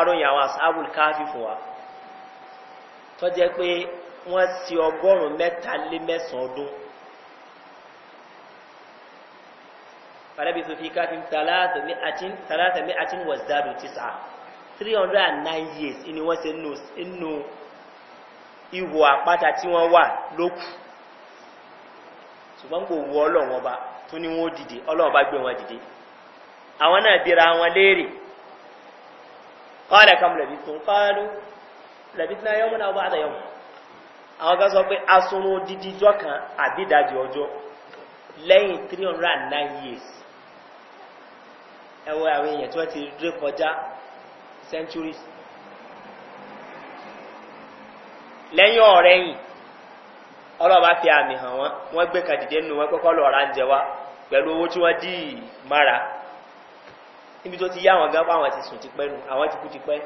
فلبثوا في كهف ثلاثمائة ثلاثمائة وازدادوا تسعة 309 years ni wọ́n ṣe nù inú ihò àpáta tí wọ́n wà lókù ṣùgbọ́n kò wọ ọlọ́wọ́n ọba tún ni wọ́n dìde ọlọ́wọ́n ọba gbé wọn dìde àwọn náà bíra wọn léèrè kọ́ọ̀lẹ̀ kan lẹ̀bi tún kọ́ọ̀lù lẹ̀bi tún ayọ́mú náà wọ́n àtàyọ̀mù àwọn kan sọ pé asunrun dídíjọ́ kan àbídàjì ọjọ́ lẹ́yìn 309 years ẹwọ àwọn èèyàn tí wọ́n ti ré kọjá centuries lẹ́yìn ọ̀rẹ́ yìí ọlọ́ba fi àmì hàn wọ́n wọ́n gbé kàdìdé nù wọ́n kọ́kọ́ lọ́ọ́ ra ń jẹ wá pẹ̀lú owó tí wọ́n dì í mára níbi tó ti yá àwọn gánfà àwọn ti sùn ti pẹ́ nù àwọn ti kú ti pẹ́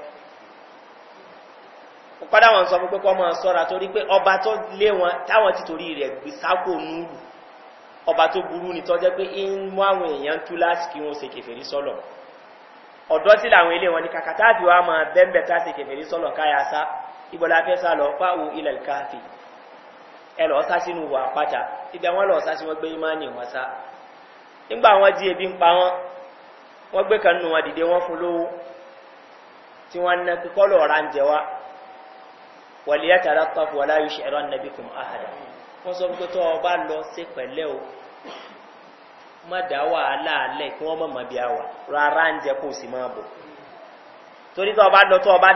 padà wọn sọ pé kọ́ máa sọ́ra torí pé ọba tó lé wọn táwọn ti torí rẹ̀ gbé sáko núùlù ọba tó burú ni tọ́jẹ́ pé ń mú àwọn èèyàn tú láti kí wọ́n se kèfèrí sọ́lọ̀ ọ̀dọ́ sí làwọn ilé wọn ni kàkàtà àti wa máa bẹ́ẹ̀bẹ̀ tá se kèfèrí sọ́lọ̀ káyà sá ìbọ̀lá fẹ́ sá lọ fáwo ilẹ̀ káfí ẹ lọ sá sínú wà pátá ibi àwọn lọ sá sí wọn gbé imáni wọn sá nígbà wọn di ebi ń pa wọn wọn gbé kan nù wọn dìde wọn fún lówó tí wọn ná kíkọ́ lọ ra ń jẹ wa wọlé yàtàrà tọ́fù wọlá yóò ṣe ẹ̀rọ nàbí kùn áhàdà sọ pé tó ọba lọ sí pẹ̀lẹ́ o mada wa wàhálà alẹ̀ kí wọ́n mọ̀mọ́ bí a wà rárá ń jẹ́ kó o sì máa bọ̀ torí tó ọba lọ tó ọba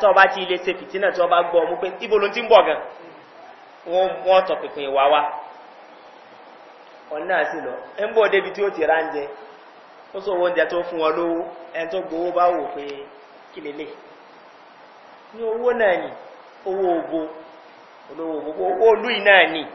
tó ọba tí ilé ṣe fìtínà tó ọba gbọ́ ọmú ti ń bọ̀ gan wọ́n tọ̀ pínpín ìwà wa ọ̀nà àti lọ ẹ bọ̀ débi tí ó ti ráńjẹ ó sọ oúnjẹ tó fún lówó tó gbowó bá wò pé kí ní ni owó ògbó olówó ògbó owó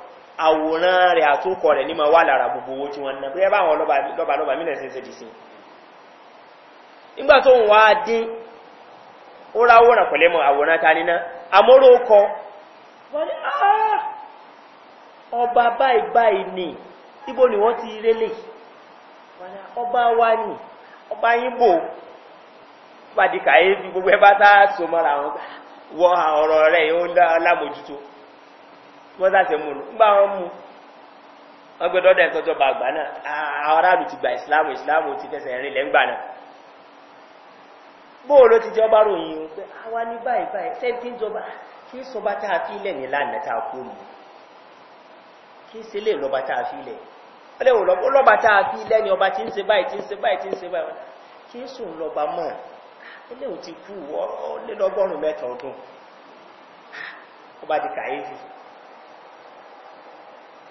àwòrán rẹ̀ àtúkọ̀ rẹ̀ ní ma wà lára gbogbo owó tí wọ́n ná bẹ́ẹ̀ báwọn lọ́bàlọ́bà mílẹ̀ sí ṣe dì sí nígbà tó ń wá dín ó ràn pẹ̀lẹ́mọ̀ àwòrán ta níná ah! ọba báyìí báyìí ibo ni wọ́n ti ọba wá ní ọba pàdíkà gbogbo ọ̀rọ̀ rẹ̀ yóò lámójútó wọ́n sáṣẹ mú un gbà wọ́n mú àgbà náà àwọn aráàlú ti gba ìsìláàmù ìsìláàmù ti fẹsẹ̀ náà bóò ló ti jọba ròyìn o pé ní báyìí báyìí sẹ́ńtì ń jọba kí sọba tá a fi ilẹ̀ ní lánàá tá a kú kí ṣe lè lọ́ba tá a fi ti ń ṣe báyìí ti ń ṣe báyìí ti ń ṣe báyìí kí sùn lọ́ba mọ́ ti kú lé ọba kàyéfì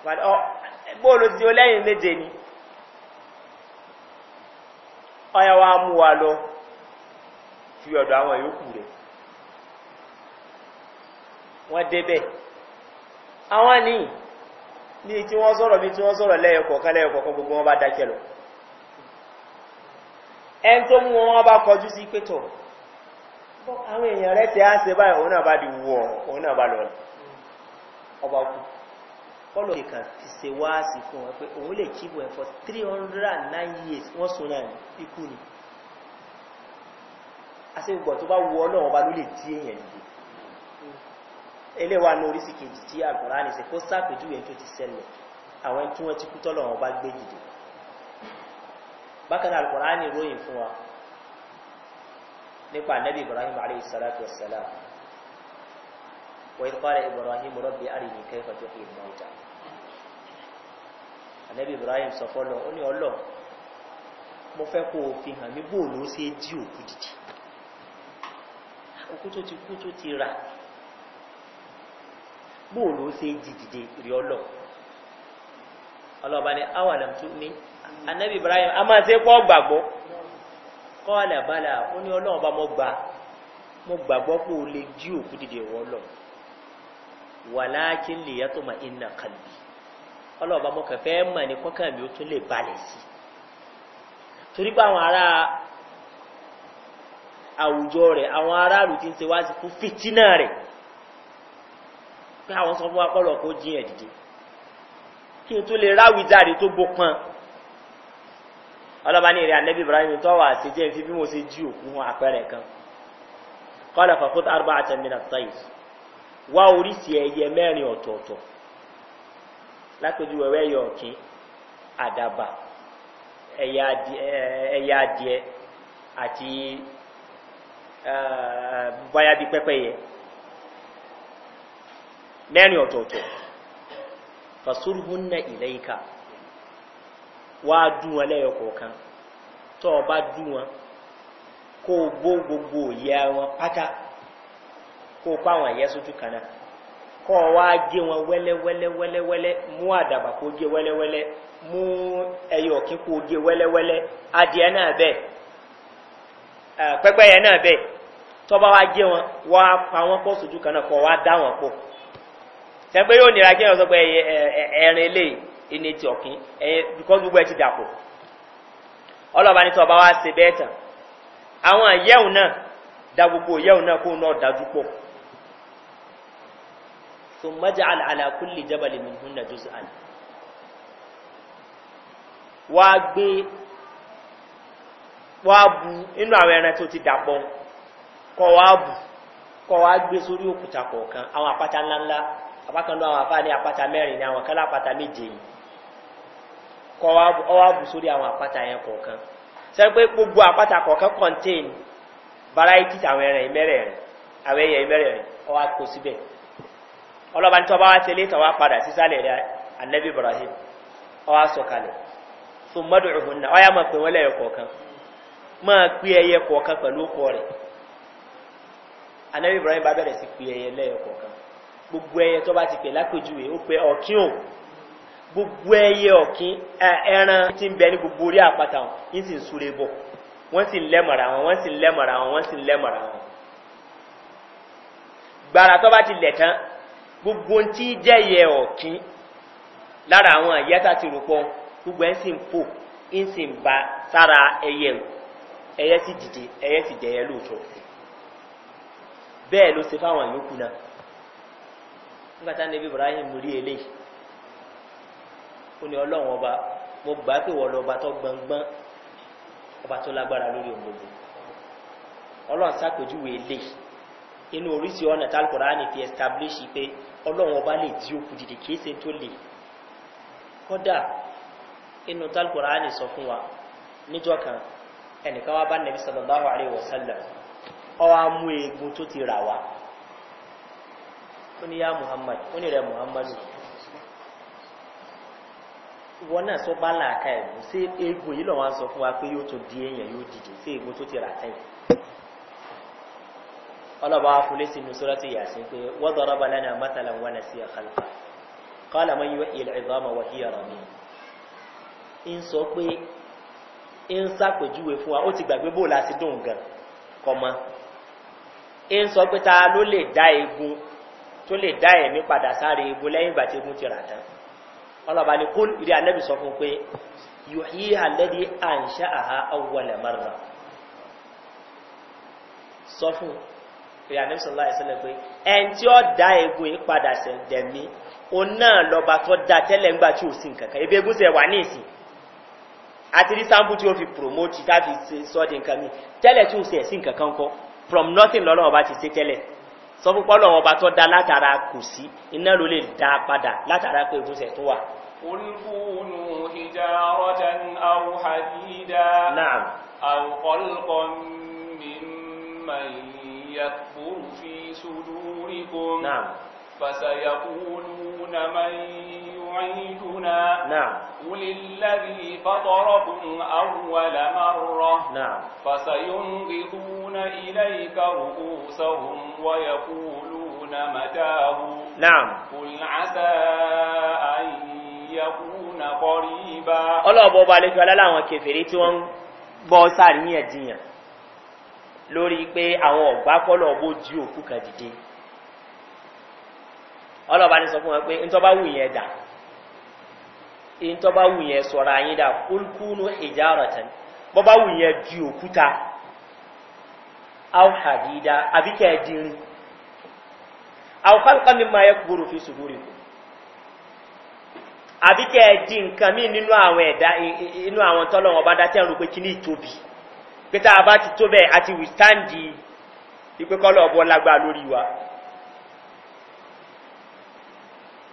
Oh, bóòlù tí ó lẹ́yìn méje ni ọya wa mú wa lọ fi ọ̀dọ̀ àwọn ìyókù rẹ̀ wọ́n débẹ̀ àwọn ní ní tí wọ́n sọ̀rọ̀ bí tí wọ́n sọ̀rọ̀ lẹ́yọkọ̀ọ̀kan lẹ́yọkọ̀ọ̀kan gbogbo wọn bá dákẹ́ lọ ẹn tó mú wọn bá kọjú sí pétọ̀ àwọn èèyàn rẹ̀ tẹ́ á se báyìí òun náà bá di wù òun náà bá lọ ọba kú kọ́lọ̀ ìkà fi se wáàsì fún wọn pé òun lè kíbò ẹ̀ for 309 years wọ́n sùn náà ikú ni àṣẹ́gbọ̀n tó bá wọ ọlọ́run bá ló lè dí èèyàn dìde eléwà ní orísìí kejì tí àgbọ̀nrá ní sẹ kó sàpèjúwe tó ti sẹlẹ̀ àwọn tí wọ́n ti kú tọ́lọ́run bá gbé dìde bákan náà àgbọ̀nrá ní ìròyìn fún wa nípa nẹ́bí ibrahim alayhi salatu wa salam وإذ قال إبراهيم ربي أرني كيف تحيي الموتى النبي إبراهيم sọ fọ́lọ́ ó ní ọlọ́ mo fẹ́ kó o fi hàn mí bó ló ṣe jí òkú dìde òkú tó ti kú tó ti rà bó ló ṣe jí dìde rí ọlọ́ ọlọ́ba ni awa lam tún ní anabi ibrahim a máa ṣe kọ́ gbàgbọ́ kọ́ àlàbàlà ó ní ọlọ́run bá mo gbà mo gbàgbọ́ pé o lè jí òkú dìde wọ́ ọlọ́run wàláàkí lè yàtọ̀ mà iná kalbi ọlọ́ọ̀bá mo kàn fẹ́ mọ̀ ní kọ́kàn mi ó tún lè balẹ̀ sí torí pé àwọn ará àwùjọ rẹ̀ àwọn aráàlú ti ń ṣe wá sí fún fìtínà rẹ̀ pé àwọn sọ fún apọ́lọ̀ kó jiyàn dìde kí n tó lè ráwì tó gbópọn ọlọ́ba ní ìrìn ànẹ́bí ibrahim tó wà sí jẹ́ fi bí mo ṣe jí òkú wọn àpẹẹrẹ kan kọ́lẹ̀ fàkótó arba àtẹ̀mínà sáyẹ̀sì wá oríṣi ẹyẹ mẹ́rin ọ̀tọ̀ọ̀tọ̀ lápẹjúwe ẹyẹ ọ̀kín àdàbà ẹyẹ adìẹ àti báyà bíi pẹ́pẹ́yẹ mẹ́rin ọ̀tọ̀ọ̀tọ̀ fasulhunna ilẹ̀ika wá dùn wọn lẹ́yọ kọ̀ọ̀kan tó bá dùn wọn kó gbó gbogbo wọn pátá kó pa àwọn ẹ̀yẹ́ sójú kan náà o wá gé wọn wẹ́lẹ́wẹ́lẹ́wẹ́lẹ́ mú àdàbà kó gé wẹ́lẹ́wẹ́lẹ́ mú ẹyọ ọ̀kín kó gé wẹ́lẹ́wẹ́lẹ́ adìẹ náà bẹ́ẹ̀ pẹ́pẹ́yẹ náà bẹ́ẹ̀ tọ́ba wá gé wọn wá pa wọn pọ̀ sójú kan náà kọ́ wá dá wọn pọ̀ tẹ́gbẹ́ yóò nira kí ẹ̀ sọ pé ẹ̀rin eléyìí ẹni ti ọ̀kín ẹ̀yẹ because gbogbo ẹ̀ ti dàpọ̀ ọlọ́ba ní tọ́ba wá ṣe bẹ́ẹ̀ tán àwọn náà da gbogbo náà ثم اجعل على كل جبل منهن جزءا wá gbé wá bu inú àwọn ẹran tó ti dàpọ̀ kọ wá bu kọ wá gbé sórí òkúta kọ̀ọ̀kan àwọn àpáta ńláńlá apákanú àwọn àfáà ní àpáta mẹ́rin ní àwọn kálá àpáta méje yìí kọ wá bu sórí àwọn àpáta yẹn kọ̀ọ̀kan sẹ́ni gbogbo àpáta kọ̀ọ̀kan contain varieties àwọn ẹran ìmẹ́rẹ̀ẹ̀rin àwọn ẹyẹ ìmẹ́rẹ̀ẹ̀rin ọwá kó síbẹ̀ ọlọ́ba ní tọ́ba wá tẹ́lẹ̀ tọ́wá padà sísàlẹ̀ rẹ̀ anabi ibrahim ọwá sọ̀kalẹ̀ fún mọ́dùrùhùn náà ọyá máa pè wọ́n lẹ́yọ kọ̀ọ̀kan máa pè ẹyẹ kọ̀ọ̀kan pẹ̀lú ọkọ rẹ̀ anabi ibrahim bá bẹ̀rẹ̀ sí pè ẹyẹ lẹ́yọ kọ̀ọ̀kan gbogbo ẹyẹ tó bá ti pè lápèjúwe ó pe ọ̀kín o gbogbo ẹyẹ ọ̀kín ẹran ti ń bẹ ní gbogbo orí àpáta wọn sì ń súre bọ̀ wọ́n sì ń lẹ́mọ̀ra wọn wọ́n sì ń lẹ́mọ̀ra wọn wọ́n sì ń lẹ́mọ̀ra wọn gbàrà tó bá ti lẹ̀ tán gbogbo tí jẹ́yẹ ọ̀kín lára àwọn ìyẹ́ta ti rò pọ̀ gbogbo ẹ̀ sì ń fò ń sì ń ba sára ẹyẹ ẹyẹ sì dìde ẹyẹ sì jẹyẹ lóòótọ́ bẹ́ẹ̀ ló ṣe fáwọn yòókù náà nígbà tá níbi ibrahim rí eléyìí ó ní ọlọ́run ọba mo gbà pé wọ́n lọ́ba tó gbọ̀ngbọ́n ọba tó lágbára lórí òun ọlọ́run ṣàpèjúwe eléyìí. inú oríṣi ọ̀nà tí alukur'ani fi establish pé ọlọ́run ọba lè di òkú dìde kìí ṣe tó lè kódà inú tí alukur'ani sọ fún wa níjọ kan ẹnìkan wá bá nàbí wa ọwọ́ amú tó ti rà wá ó ní yá muhammad ó muhammadu wọn náà sọ bá aka egwu mú sí eegun yìí lọ́wọ́ sọ fún wa pé yóò di èèyàn yóò dìde sí tó ti ọlọ́ba afúlẹ́sì ní sọ́lọ́tì yàsí pé wọ́n dọ̀rọ̀ bá lẹ́nà mọ́tàlá wọn sí àkàlùkà kọ́lá mọ́ yíwá ilẹ̀ ìdánmọ̀ wọ̀ híyà rọ̀ mí. ń sọ pé ń sàpèjúwe fún wa ó ti gbàgbé bóòlù àti dùn gan kọ́mọ. ń sọ pé ta ló lè dá egun tó lè dá ẹ̀mí padà sáré egun lẹ́yìn ìgbà tí egun ti rà tán. ọlọ́ba ni kó ìdí anábì sọ fún pé yòóhíhà lẹ́dí pé àníṣọ́lá ìṣẹ́lẹ̀ pé ẹn tí ó dá egun yìí padà sẹ̀dẹ̀mí òun náà lọ́ba tó dá tẹ́lẹ̀ ńgbà tí ò sí nǹkan kan ebi egun sẹ̀ wà ní ìsìn àti rí sáàmù tí ó fi promote láti sọ́ọ̀dì nǹkan mi tẹ́lẹ̀ tí ò sẹ̀ sí nǹkan kan from nothing lọ́nà ọba ti ṣe tẹ́lẹ̀ sọ fún pọ́lọ́ ọba tó dá látara kò sí iná ló lè dá padà látara pé egun sẹ̀ tó wà. olùkúnù hijarọ́tàn àwòhàdídà náà àwòkọ́lùkọ́ mímọ́ yìí. يكفر في صدوركم نعم فسيقولون من يعيدنا نعم قل الذي فطركم أول مرة نعم فسينغضون إليك رؤوسهم ويقولون متاه نعم قل عسى أن يكون قريبا الله أبو بالك ولا لا وكفريت وان بوصار مية lórí pé àwọn ọ̀gbá kọ́lọ̀ bó jí òkú kan dìde ọlọ́ba ní sọ fún wọn pé ntọ́ba wù yẹn dà ntọ́ba wù yẹn sọ̀rọ̀ àyín dà kúlkúnú ìjà ọ̀rọ̀ tán bọ́ba wù yẹn di òkúta áwùhàdìdá àbíkẹ́ ẹ̀dínrín àwùkálùkọ́ mi máa yẹ kúrò fi sùgbúrì kù àbíkẹ́ ẹ̀dín nǹkan mí nínú àwọn ẹ̀dá inú àwọn pété àbá ti tó bẹ́ẹ̀ àti wìstáǹdì ipé kọ́lọ̀ lágbà lórí wa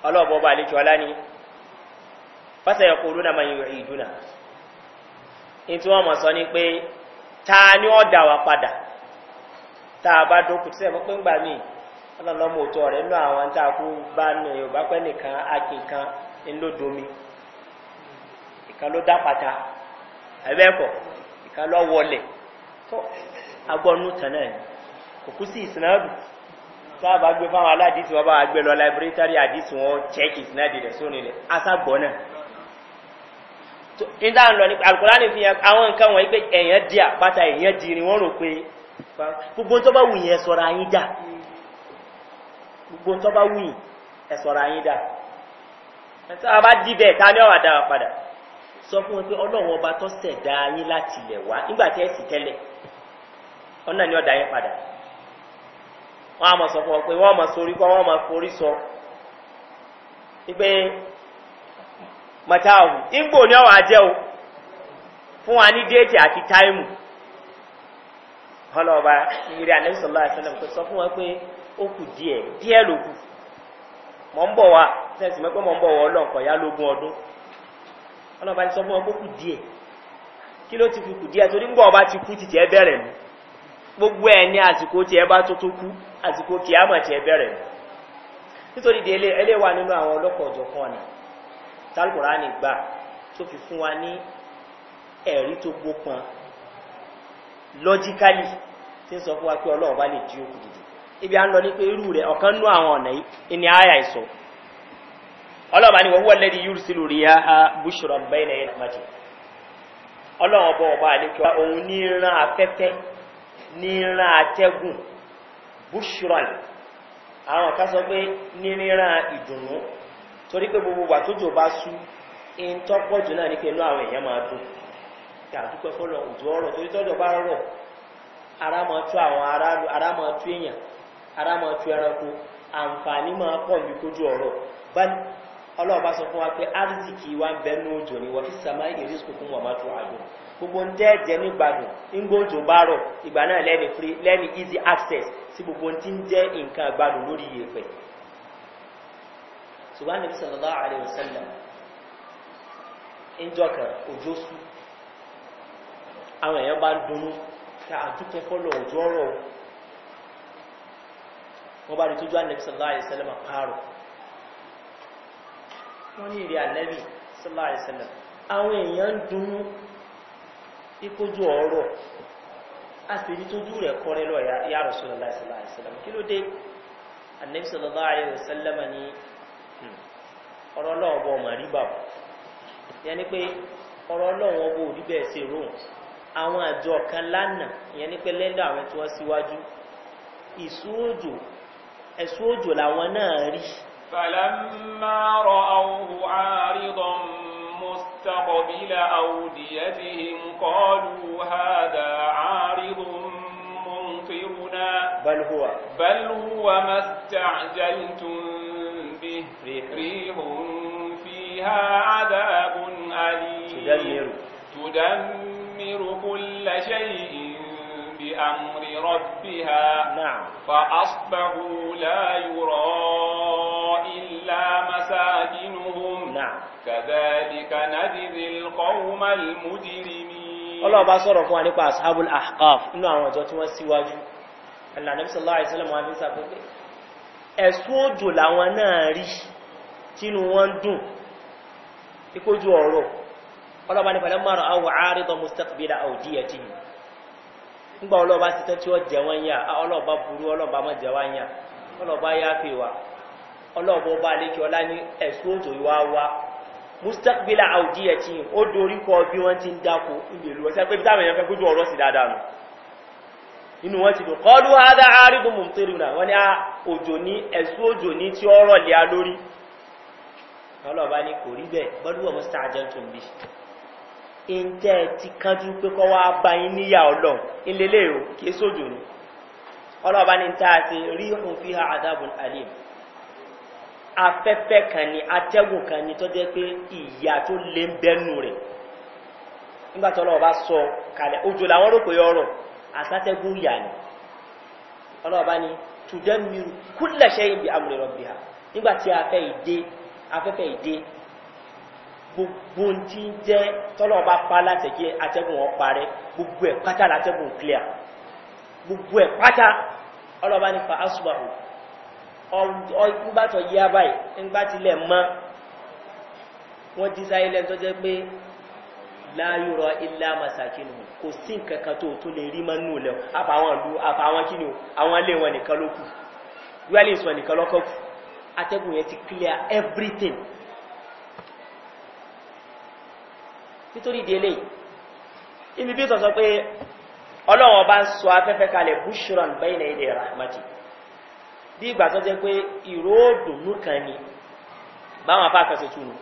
ọlọ́ọ̀bọ bá lè kíọ́lá ní fásẹ̀ ẹ̀kọ́ olóná máa yìí ìdúnà tí wọ́n sọ ní pé ta ni ó dà padà a bá dókù tí gbà mí rẹ̀ àwọn a bá nù yorùbá pẹ́ nìkan ìkan kan lọ wọlẹ̀ tó agbọ́nú tẹ̀lé ni kò kú sí ìsinádù tá a bá gbé fáwọn aládìsí wọn bá wà gbé lọ láìbírítárì àdìsí wọn chẹ́kì ìsinádì rẹ̀ sóni rẹ̀ aságbọ́ náà níta ń lọ ní alukóra ní fi àwọn nǹkan wọ̀nyí pé èèyàn di àpáta èèyàn di ni wọ́n rò pé gbogbo tó bá wù yín ẹ sọ̀rọ̀ ayín dà gbogbo tó bá wù yín ẹ sọ̀rọ̀ ayín dà tá a bá ọ̀ sọ fún wọn pé ọlọ́run ọba tó ṣẹ̀dá yín láti ilẹ̀ wá nígbà tí ẹ sì tẹ́lẹ̀ ọ̀nà ni ọ̀dà yín padà wọ́n á mọ̀ sọ fún ọ pé wọ́n mọ̀ sórí kọ́ wọ́n mọ̀ forí sọ ni ọ̀wà o fún wa ní déètì àti táìmù ọba ìrírí ànẹ́sọ̀lá àṣẹlẹ̀ pé sọ fún wọn pé ó kù díẹ̀ díẹ̀ ló mọ̀ ń bọ̀ wá sẹ́sì mọ̀ ń ọlọ́ba ti sọ fún ọgbó kù díẹ̀ kí ló ti fi kù díẹ̀ torí ńgbọ́ ọba ti kú ti tiẹ̀ bẹ̀rẹ̀ nù gbogbo ẹ̀ ní àsìkò tiẹ̀ bá tó tó kú àsìkò kìámà tiẹ̀ bẹ̀rẹ̀ nù nítorí di eléwà nínú àwọn ọlọ́kọ̀ ọ̀jọ̀ kan ọ̀nà tálùkùrá ní gbà tó fi fún wa ní ẹ̀rí tó gbópọn lọ́jíkálì tí ń sọ fún wa pé ọlọ́ọ̀bá lè di okùn dìde ibi à ń lọ ní pé irú rẹ̀ ọ̀kan nú àwọn ọ̀nà yìí ni àyà ìsọ̀kù ọlọ́ọ̀bá ni wọ́wọ́ lẹ́dí yúrù sílù rí ya ha búṣùrọ̀ bẹ́ẹ̀nà yẹn àmájì ọlọ́ọ̀bọ̀ ọba àdékọ́ òun ní ran afẹ́fẹ́ ní ran atẹ́gùn búṣùrọ̀ àwọn kan sọ pé ní ríran ìdùnnú torí pé gbogbo wà tójò bá sú in tọ́pọ̀ jù náà ní pé inú àwọn èèyàn máa dùn tàbípẹ́ fọlọ òjò ọ̀rọ̀ torí tọ́jọ́ bá rọ̀ ara àwọn ara èèyàn ara ẹranko àǹfààní máa pọ̀ níbi kójú ọ̀rọ̀ báyìí ọlọ́ọ̀bá sọ fún wa pé arziki wa ń òjò ni wọ́n fi sàmá ìrísí kúkún wọ́n máa tún gbogbo ń tẹ́ jẹ́ ní gbàdùn ńgbòjò bá rọ̀ ìgbà náà lẹ́ni free lẹ́ni easy access sí gbogbo tí ń jẹ́ nǹkan gbàdùn lórí ìyẹ̀fẹ̀ ṣùgbọ́n níbi sọ̀rọ̀lá àrẹ òṣèlú ń jọkà òjò sú àwọn èèyàn bá ń dunnú ká àdúkẹ́ fọ́lọ̀ òjò ọ̀rọ̀ wọn bá rí tójú sọ̀rọ̀lá àrẹ wọ́n ní ìrìn ànẹ́bì sallallahu alaihi wasallam àwọn èèyàn ń dunnú ikójú ọ̀rọ̀ a sì rí tójú rẹ̀ kọ́rẹ́ lọ ya rasulullah sallallahu alaihi wasallam kí ló dé ànẹ́bì sallallahu alaihi wasallam ni hmm, ọ̀rọ̀ lọ́wọ́ ọmọ rí bàbá yẹn ni pé ọ̀rọ̀ lọ́wọ́ ọgbọ́ òbí bẹ́ẹ̀ sí rome àwọn àjọ kan lánàá ìyẹn ni pé lẹ́dọ̀ àwọn tí wọ́n síwájú ìsú òjò ẹ̀sùn òjò làwọn náà rí فلما رأوه عارضا مستقبل أوديتهم قالوا هذا عارض ممطرنا بل هو بل هو ما استعجلتم به ريح فيها عذاب أليم تدمر تدمر كل شيء بأمر ربها نعم فأصبحوا لا يرى إلا مساكنهم نعم كذلك نجزي القوم المجرمين الله بصر فوا نيبا اصحاب الاحقاف انو awon jo ti won siwaju Allah nabi sallallahu alaihi wasallam wa bi sa pe esun ojo lawon na ri tinu won dun ikoju oro ọlọ́ba ní pẹ̀lẹ́ márùn-ún àwọ̀ àárítọ̀ mustaqbila àwòdíyà tí yìí ńgbà ọlọ́ba ti tán tí wọ́n jẹ wọ́n yà ah, ọlọ́ba burú ọlọ́ba mọ̀ jẹ wọ́n yà ọlọ́ba ọba àlékè ọlá ní ẹ̀sùn òjò wa mustapha àwùjíyẹ tí ó dorí kọ bí wọ́n ti ń dáko ilé ìlú ọ̀sẹ̀ pé bí táwọn èèyàn fẹ́ kójú ọ̀rọ̀ sí wọn ti dùn a ah, òjò ní ẹ̀sùn òjò ní tí ọ̀rọ̀ lé a lórí ọlọ́ba ní kò rí bẹ́ẹ̀ mustapha ìjẹ́ ti kánjú pé kọ́ wá bá yín níyà ọlọ́run ilélẹ̀ o kìí sójò ní ọlọ́ọ̀bá ní tá a ti rí ohun fi ha àdábùn alim afẹ́fẹ́ kan ni atẹ́gùn kan ni tó pé ìyà tó lé ń bẹ́nu rẹ̀ nígbà ọlọ́ọ̀bá sọ kalẹ̀ òjò làwọn rò pé ọrọ̀ ni ọlọ́ọ̀bá ní tùdẹ́ gbogbo tí ń jẹ́ tọ́lọ̀ bá pa láti kí atẹ́gùn wọn parẹ́ gbogbo ẹ̀ pátá látẹ́gùn clear gbogbo ẹ̀ pátá ọlọ́ba nípa asubahu ọgbàtọ̀ yíya báyìí ńgbà tilẹ̀ mọ́ wọ́n ti sáyé lẹ́nu tó jẹ́ pé láyúrọ ilá masakinu kò sí nkankan tó tó lè rí mọ́nú lẹ àfàwọn ìlú àfàwọn kí ni o àwọn ilé wọn nìkan ló kù wíwá lè sọ nìkan lọ́kọ̀ kù atẹ́gùn yẹn ti clear everything nítorí ìdí eléyìí ibi bí tọ̀sọ pé ọlọ́run ọba ń sọ afẹ́fẹ́ kalẹ̀ bushron bẹ́yìn náà ilẹ̀ rahmati bí ìgbà tó jẹ́ pé ìró òdùnnú kan ni báwọn afá fẹsẹ̀ tunu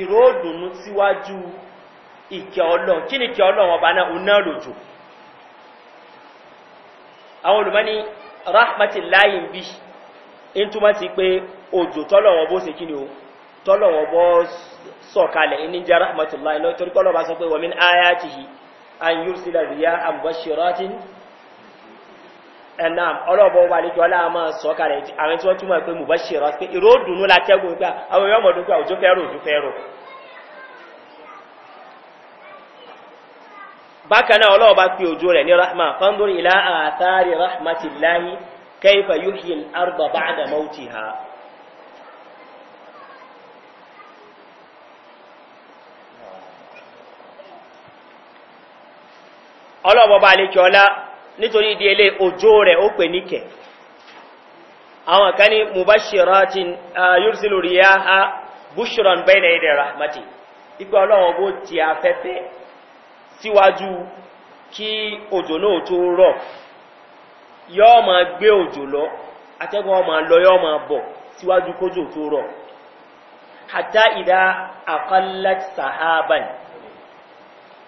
ìró òdùnnú síwájú ìkẹ́ ọlọ́run kí ni ìkẹ́ ọlọ́run ọba náà òun lòjò àwọn olùmọ́ni rahmati láyé ń bí ń túmọ̀ sí pé òjò tọ́lọ̀wọ́ bó ṣe kí ni o tọ́lọ̀wọ́ bó ṣe sọ̀kalẹ̀ ní jẹ́ rahmatullahi lọ torí kọ́lọ̀ bá sọ pé wọ́n min aya ti hì an yóò sílẹ̀ ríyá àbúbọ̀ṣìrọ́tín ẹ̀nà ọlọ́bọ̀ wà ní jọlá máa sọ̀kalẹ̀ àwọn tí wọ́n túnmọ̀ pé mùbọ̀ṣìrọ́ pé ìró yóò hìl arba bá àdàmọ́tì ha ọlọ́ọ̀bọba àlejòọlá nítorí ìdí ilé òjò rẹ̀ ó pè níkẹ̀ àwọn kan ní mubashiratin yursilu riyaha bushran bayna ida rahmati ipe ọlọ́wọ́n bó ti afẹ́fẹ́ síwájú kí òjò náà tó rọ̀ yọ́ ma gbé òjò lọ atẹ́gùn ọmọ lọ yọ́ ma bọ̀ síwájú kójò tó rọ̀ hatta ìdá àkọlẹ́t sahaban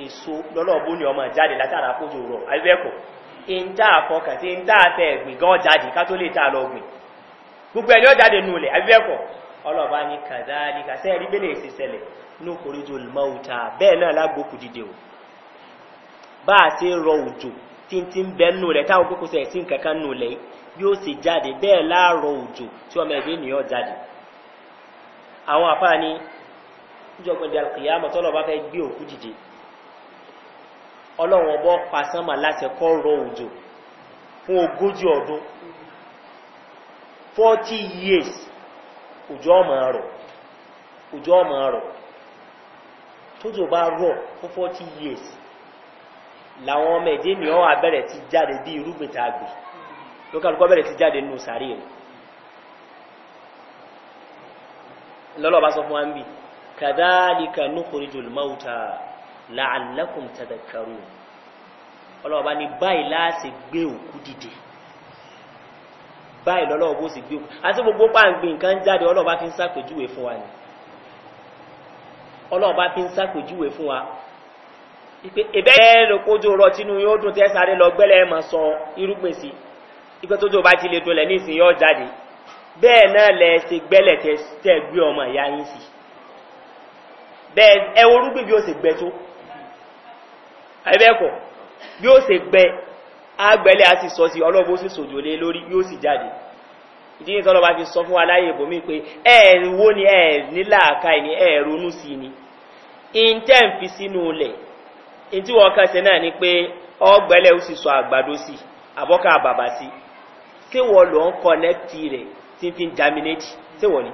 èso lọ́nà ọbú ni ọmọ jáde látara àkójò rọ̀ àìbẹ́kọ̀ ìntà àfọkàn tí ìntà àtẹ ẹ̀gbìn gan jáde ká tó lè tà gbogbo ẹni jáde nù lẹ̀ àìbẹ́kọ̀ ọlọ́ba ni kàdáàlìkà sẹ́ẹ̀ bẹ́lẹ̀ èsì ní kòríjò bẹ́ẹ̀ náà lágbókù o bá a ti rọ òjò tí ń nù lẹ̀ táwọn kókó nù lẹ̀ sì jáde bẹ́ẹ̀ òjò jáde àwọn àfáà ni fẹ́ gbé òkú dìde ọlọ́run ọbọ̀ pasánmà láti kọ́ rọ òjò fún ogójì ọdún 40 years òjò ọmọ rọ̀ òjò ọmọ rọ̀ tójò bá rọ̀ fún 40 years làwọn ọmọ ẹ̀dẹ́ ni wọ́n abẹ́rẹ̀ ti jáde bí irúgbìn tá a gbè lókàlùkọ́ bẹ̀rẹ̀ ti jáde nínú sàárè rẹ̀ lọ́lọ́ bá sọ fún wa ń bì kàdáàlì kanú kòrìjò lùmọ́wùtà la'allakum tadakkaru ọlọ́ọ̀bá ni báyìí láti gbé òkú dìde báyìí lọ́lọ́wọ́ bó sì gbé òkú àti gbogbo pàǹgbé nǹkan jáde ọlọ́ọ̀bá fi ń sàpèjúwe fún wa ni ọlọ́ọ̀bá fi ń sàpèjúwe fún wa ipe ebe ẹ̀rọ kójú rọ tínú yóò dùn tẹ́ sáré lọ gbẹ́lẹ̀ ẹ̀mọ̀ sọ irúgbìn sí ipe tójú bá ti lè dolẹ̀ ní ìsìn yóò jáde bẹ́ẹ̀ náà lẹ̀ ṣe gbẹ́lẹ̀ tẹ́ gbé ọmọ ìyá yín sí bẹ́ẹ̀ ẹ orúgbìn bí ó sì gbẹ tó ẹ̀bẹ́ẹ̀kọ̀ bí ó se gbẹ agbẹ̀lẹ̀ àti sọ sí ọlọ́bọ̀ sí sòjò lé lórí yóò sì jáde ìdí ìtọ́lọ́ bá fi sọ fún aláyè ìbòmí pé ẹ̀ẹ̀wó ni ẹ̀ níláàká ni ẹ̀ ronú sí ni in tẹ́ ń fi sínú ilẹ̀ in tí wọ́n kàn sí náà ni pé ọgbẹ̀lẹ̀ ó sì sọ àgbàdo sí àbọ́ká bàbà sí kí lọ ń kọ́nẹ́tì rẹ̀ tí ń germinate sí wọ́n ni.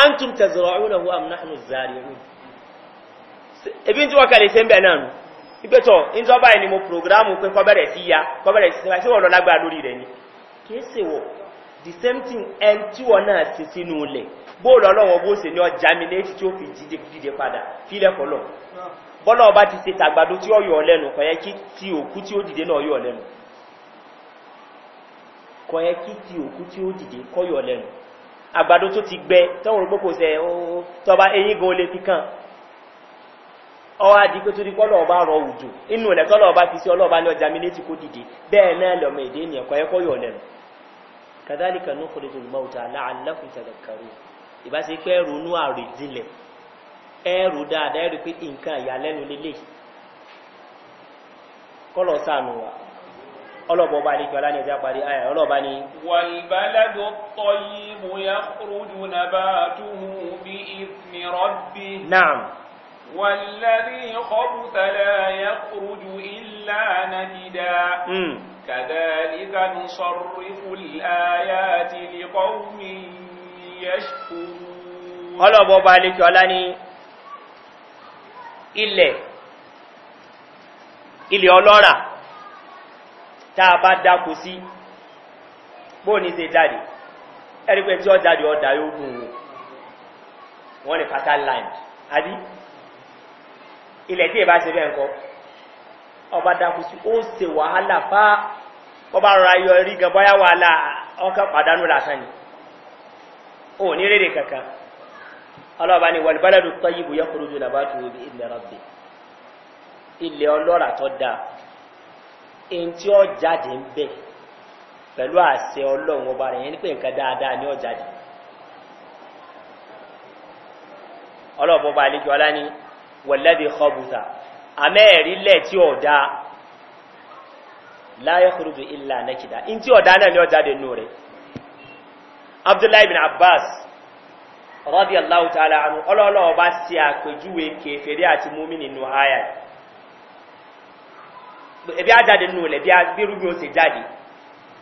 àǹtùm tẹ̀sọ̀rọ̀ ọ̀rùn náà wọ́n àmì ebi tí wọ́n kẹ́lẹ̀ ṣe ń bẹ̀ náà nù ìgbẹ́tọ̀ ìjọba ẹni mo programu pé kọ́bẹ̀rẹ̀ sí ya kọ́bẹ̀rẹ̀ sí ṣe wọ́n lọ lágbára lórí rẹ̀ ni kìí ṣe e wọ̀ the same thing ẹn tí wọ́n náà ṣe sínú ilẹ̀ bóòlù ọlọ́wọ́n bó ṣe ní ọjà mi létí tí ó fi jíde dìde padà fílẹ̀ kọlọ̀ bọ́lá ọba ti ṣe tàgbàdo tí ó yọ lẹ́nu kọ̀yẹ́ kí ti òkú tí ó dìde náà yọ lẹ́nu kọ̀yẹ́ kí ti òkú tí ó dìde kọ́ yọ lẹ́nu àgbàdo tó ti gbẹ tọ́wọ́n rògbòkòṣẹ́ tọba eyín gan olè fi kàn ọwọ́ adi pé torí kọ́lọ̀ ọba rọ òjò inú rẹ̀ kọ́lọ̀ ọba fi sí ọlọ́ọ̀ba ní ọjà milétì kó dìde bẹ́ẹ̀ náà lọ́mọ èdè ènìyàn kọ́ ẹ̀kọ́ yọ̀ lẹ́nu. kàdáàlì kan náà kọ́lẹ́dùn ìmọ̀ òtà aláàlákùn ìbáṣe pé ẹrù inú ẹrù dáadáa ẹrù pé nǹkan ìyàlẹ́nu lélẹ̀ kọ́lọ̀ sànù wa ní ní parí ní. mo والذي خبث لا يخرج إلا نجدا كذلك نصرف الآيات لقوم يشكرون ọlọ́bọ̀ ọba alẹ́kẹ́ ọlá ní ilẹ̀ ilẹ̀ ọlọ́rà táa bá dákò sí bóò ní ṣe jáde ẹ̀rí pé tí ọ jáde ọ̀dà yóò gùn wọn ni fatal land àbí ilẹ̀ tí ìbá ṣe bẹ́ẹ̀ kọ́ ọba ose sí ó ṣe wàhálà fá ọba rọra yọ rí gan bọ́yá wàhálà ọkàn pàdánù lásán ni ò ní rèrè kankan ni wàlúbálẹ̀ ló tọ́ yìbò yọkùrú jù nàbá tó ibi ilẹ̀ rọ̀bì ilẹ̀ ọlọ́ra tó dáa tí ó jáde ń bẹ̀ pẹ̀lú àṣẹ ọba wọ̀lẹ́dì kọbùtà àmẹ́ẹ̀rí lẹ̀ tí ọ̀dá láyé kúrúdù ilá nẹ́kìdá in tí ọ̀dá náà ni ọjá dé nù rẹ̀ abdullahi bin abbas rọ́dí aláwù tààlà àánú ọlọ́ọ̀lọ́wọ́ bá ti àpèjúwe kèfèrè àti múmi nínú àyà ẹbí àjáde nù rẹ̀ bí rúbí ó sì jáde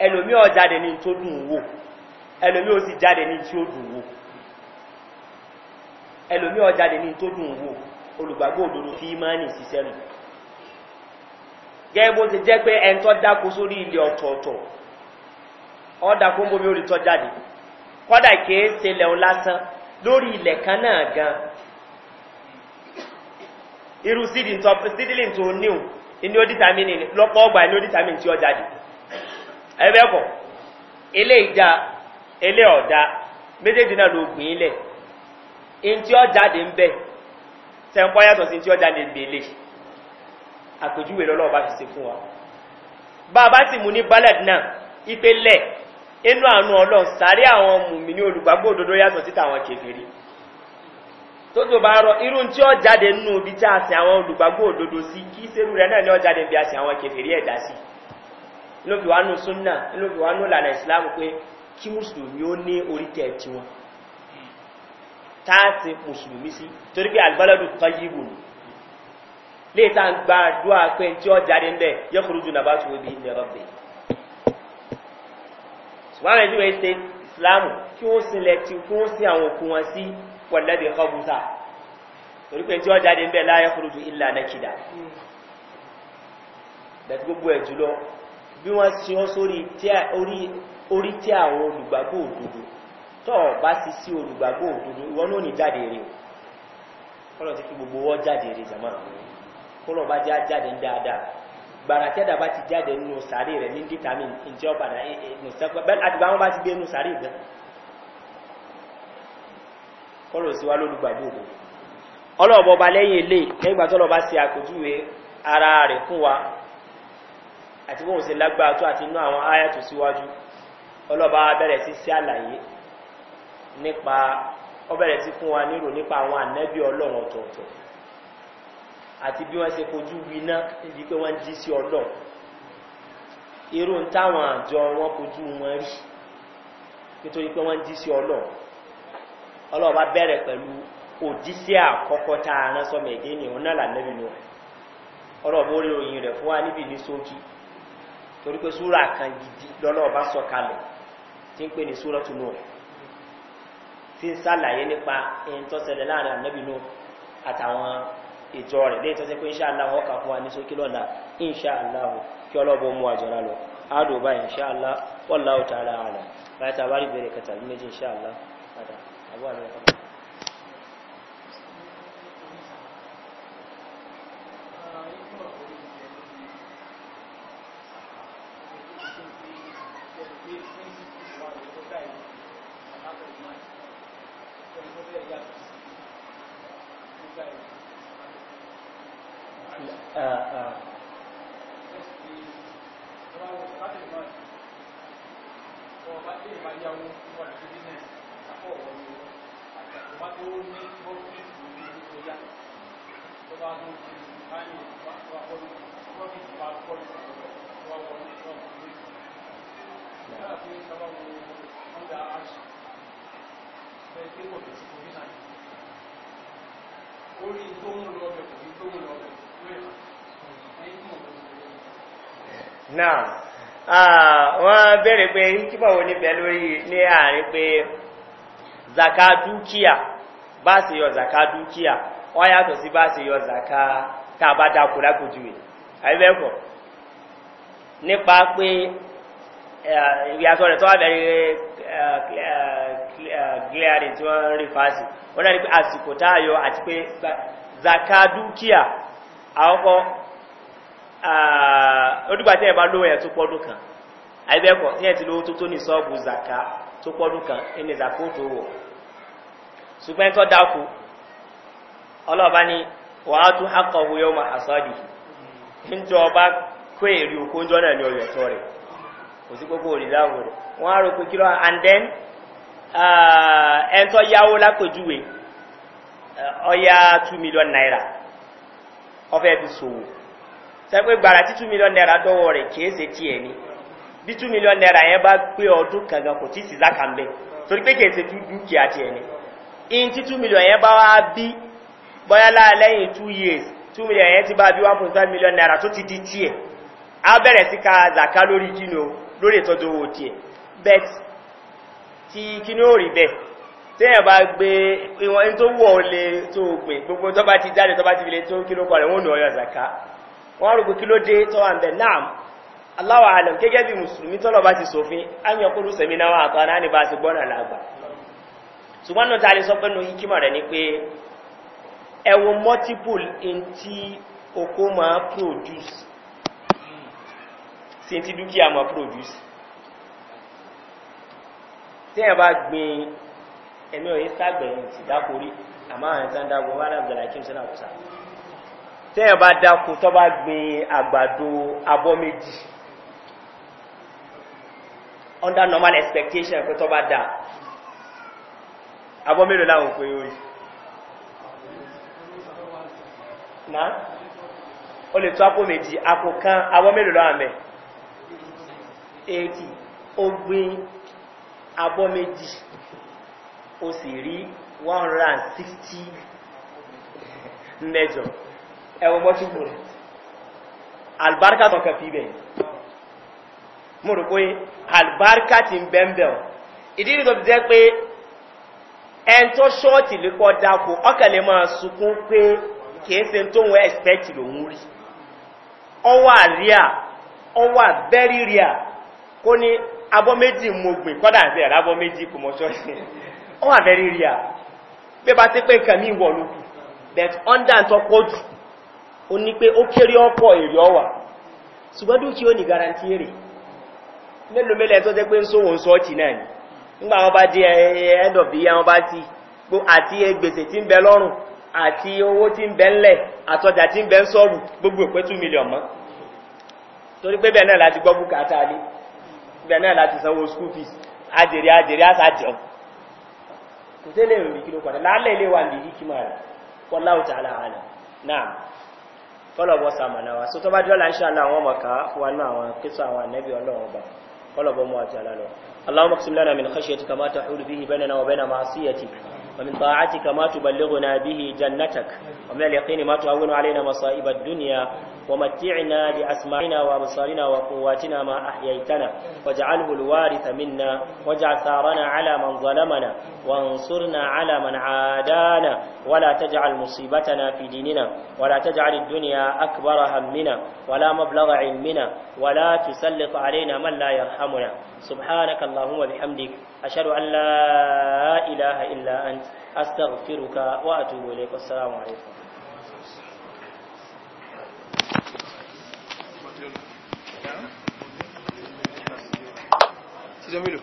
ẹlòmí ọ̀jáde ní tó dùn wò ẹlòmí ó sì jáde ní tí ó dùn wò ẹlòmí ọ̀jáde ní tó dùn wò olùgbàgbọ́ òdodo fi imani ṣiṣẹ́ rìn gẹ́gẹ́ ti jẹ́ pé ẹni tó dáko sórí ilẹ̀ ọ̀tọ̀ọ̀tọ̀ ọ́ dáko ń bomi jáde kọ́dà kìí ṣe lásán lórí ilẹ̀ kan náà gan irú sídìlì tó níhùn tẹ́ǹkọ́ yàtọ̀ sí tí ọjà lè gbèlè àpèjúwe lọ́lọ́ bá ti se fún wa bàbá ti mú ní ballad náà ipe lẹ̀ inú àánú ọlọ́run sáré àwọn mùmí ní olùgbàgbò òdodo yàtọ̀ síta àwọn kèfèrí tó tó bá rọ irú tí ó jáde nínú ibi tí a sì àwọn olùgbàgbò òdodo sí kí sẹ́rù rẹ̀ náà ni ó jáde bí a sì àwọn kèfèrí ẹ̀dá sí ló fi wá nù súnà ló fi wá nù lànà ìsìlámù pé kí mùsùlùmí ó ní orí tẹ̀ tiwọn táàtì mùsùlùmí sí torí pé àgbàlọ́dù kan yíwò ní léèta ń gba àdúrà pé tí ó jáde ń bẹ̀ yọkùnrin jù nàbá tó bí ní ọ̀rọ̀ bẹ̀. ṣùgbọ́n ẹni wọ́n ṣe ìsìláàmù kí wọ́n sinlẹ̀ tí kí wọ́n sin àwọn òkú wọn sí pọ̀lẹ́dẹ̀ kọ́bùsà torí pé tí ó jáde ń bẹ̀ láyé kúrò ju ìlà nàkìdá. bẹ̀tí gbogbo ẹ̀ jùlọ bí wọ́n sin ọ́ sórí orí tí àwọn olùgbàgbọ́ òdodo tọ́ ọ bá ti sí olùgbàgbọ́ òdodo ìwọ náà ní jáde rí o kọ́lọ̀ ti fi gbogbo wọ́ jáde rí jàmá kọ́lọ̀ bá já jáde ń dáadáa gbàrà tẹ́dà bá ti jáde nínú sàárè rẹ̀ ní dítàmì ìjọ padà ìmùsẹ́pẹ́ bẹ́ẹ̀ àdìgbà wọn bá ti gbé nínú sàárè gan kọ́lọ̀ sí wa lólùgbàgbọ́ òdodo ọlọ́ọ̀bọ ba lẹ́yìn ilé nígbà tọ́lọ́ bá ṣe àpèjúwe ara rẹ̀ fún wa àti bóun ṣe lágbára tó àti inú àwọn áyà tó síwájú ọlọ́ọ̀bá bẹ̀rẹ̀ sí sí àlàyé nípa ọbẹ̀rẹ̀ sí fún wa nírò nípa àwọn ànẹ́bí ọlọ́run ọ̀tọ̀ọ̀tọ̀ àti bí wọ́n ṣe kojú winá níbi pé wọ́n jí sí ọlọ́run irú táwọn àjọ wọn kojú wọn rí nítorí pé wọ́n jí sí ọlọ́run ọlọ́run bá bẹ̀rẹ̀ pẹ̀lú òjíṣẹ́ àkọ́kọ́ tá a rán sọmọ èdè ni òun náà lànàbí ni ọlọ́run bó rí òyìn rẹ̀ fún wa níbi ní sójú torí pé súrà kan gidi lọ́lọ́run bá sọ kalẹ̀ tí ń pè ní súrà tún náà fi ń sàlàyé nípa ẹni tó ṣẹlẹ̀ láàrin ànábìnú àtàwọn ìjọ rẹ̀ lẹ́yìn tó ṣe pé inṣàlá wọn kà fún wa ní sókè lọ́la inṣàlá o kí ọlọ́bọ̀ mú àjọra lọ àdùbà inṣàlá wọ́n láwùtà ara rẹ̀ láti àwárí bẹ̀rẹ̀ kẹtàlú méjì inṣàlá padà àbúrò àlọ́ náà ah, wọ́n bẹ̀rẹ̀ pé kíbọ̀wọ́ níbẹ̀ lórí ní àárín pé zaka dúkìá bá sì yọ zaka dúkìá wọ́n yàtọ̀ sí bá sì yọ zaka tá a bá dákò lákòjú rẹ̀ àbíbẹ́kọ̀ nípa pé eh, ìyàtọ̀ rẹ̀ tó wà bẹ̀rẹ̀ eh, eh, glaring tí wọ́n rí fásì wọ́n náà ní pé àsìkò táàyọ àti pé zaka dúkìá àkọ́kọ́ onígbà ah, tí lówó tó pọ́dún kan àìbẹ́kọ̀ tí ti lówó tó tó ní sọ́ọ̀bù zaka tó pọ́dún kan zaka ó tó wọ̀ ṣùgbọ́n tó dákú ọlọ́ọ̀bá ni wà á tún hákọ̀ owó yọmọ àsọ́ọ̀dì níjọ ọba kó èrè òkú ńjọ náà ní ọyọ ẹ̀tọ́ rẹ̀ kò sí gbogbo òrìláwò rẹ̀ wọ́n á rò pé kí and then ah, ẹn tó yáwó lápèjúwe eh, naira ọfẹ́ fi ṣòwò sẹ́pẹ́ gbàrà tí 2 million naira dọ́wọ́ rẹ̀ kìí ṣe tí ẹ̀ bí 2 million naira yẹn bá pé ọdún kankan kò tí sì záka ń bẹ́ torí pé kìí ṣe dúkìá tí ẹ̀ ní in tí 2 million yẹn bá wá bí bọ́yá láàlẹ́yìn 2 years two million yẹn ti bá bí five million naira tó ti di tí ẹ̀ á bẹ̀rẹ̀ sí ka zàká lórí kíni o lórí ìtọ́jú owó tí ẹ̀ bet tí kíni ó rí bẹ́ẹ̀ téèyàn bá gbé ìwọ̀n tó wọ̀ ọ́ lé tó gbìn gbogbo tó bá ti jáde tó bá ti fi lé tó kí ló kọ̀ rẹ̀ wọ́n nù ọyọ̀ zàká wọ́n rògbò kí ló dé tó wà ń bẹ̀ náà aláwọ̀ àlọ̀ gẹ́gẹ́ bí mùsùlùmí tọ́lọ̀ bá ti sòfin ányọkúrú sẹ̀mínà wà àtọ́ náà ní bá ti gbọ́nà làgbà ṣùgbọ́n náà ta sọ pé rẹ̀ ni pé multiple in oko ma produce sí ti dúkìá ma produce tí ẹ̀ bá gbin ẹ̀mí ọ̀yẹ́ sàgbẹ̀yìn ti dákórí àmọ́ àwọn kí n sẹ́nà tẹ́yàn bá dákò tọ́ bá gbin àgbàdo abọ́ méjì under normal expectation pé tọ́ bá dá abọ́ mélòó láwọn òpin orí na o lè tó apó méjì apò kan abọ́ mélòó láwọn mẹ́ 80 ó gbin abọ́ méjì ó sì rí 160 mẹ́jọ ẹwọ mọ́tíbù rẹ̀ albarka tọ́ka fi bẹ̀ mú rò pé albarka ti ń bẹ́m̀bẹ̀ ọ̀ ìdí ni tó fi jẹ́ pé ẹn tó ṣọ́ọ̀tì lè kọ́ dákò ọkẹ̀lẹ̀ máa sunkún pé kèése tó wọ́n ẹ̀spẹ̀tì lòun rí ọwọ́ àríà ọwọ́ àbẹ́rí ríà kó ní abọ́ méjì mogbìn kọ́dà àti ẹ̀rọ abọ́ méjì kò mọ́ ṣọ́ọ̀tì ọwọ́ àbẹ́rí ríà pé bá ti pé nǹkan mi wọ̀ lókù but under tó pọ̀ jù ó ní pé ó kéré ọkọ̀ èrè ọwà ṣùgbọ́n dúkìá ní garanti èrè mélòó mélòó tó jẹ́ pé ń sóhun sọ́ọ̀tì náà ni nígbà wọn bá di end of the year bá ti gbó àti gbèsè tí ń bẹ lọ́rùn àti owó tí ń bẹ ńlẹ̀ àtọjà tí gbogbo ìpé two million mọ́ torí pé bẹ́ẹ̀ náà láti gbọ́ bùkátà bẹ́ẹ̀ náà láti sanwó school fees àjèrè àjèrè àsàjẹun kò tẹ́lẹ̀ kí ló padà lálẹ́ ilé wa lè kí kọlọ̀bọ̀ sàmànà wa so tó bá dọ́là ìṣàlá àwọn ọmọkà wa na àwọn kisa àwọn nabi ọlọ́run bá kọlọ̀bọ̀ mọ́ àti alálọ́ اللهم اقسم لنا من خشيتك ما تحول به بيننا وبين معصيتك ومن طاعتك ما تبلغنا به جنتك ومن اليقين ما تعون علينا مصائب الدنيا ومتعنا لأسماعنا وأبصارنا وقواتنا ما أحييتنا واجعله الوارث منا واجعل ثارنا على من ظلمنا وانصرنا على من عادانا ولا تجعل مصيبتنا في ديننا ولا تجعل الدنيا أكبر همنا ولا مبلغ علمنا ولا تسلط علينا من لا يرحمنا سبحانك اللهم وبحمدك أشهد أن لا إله إلا أنت أستغفرك وأتوب إليك والسلام عليكم Gracias,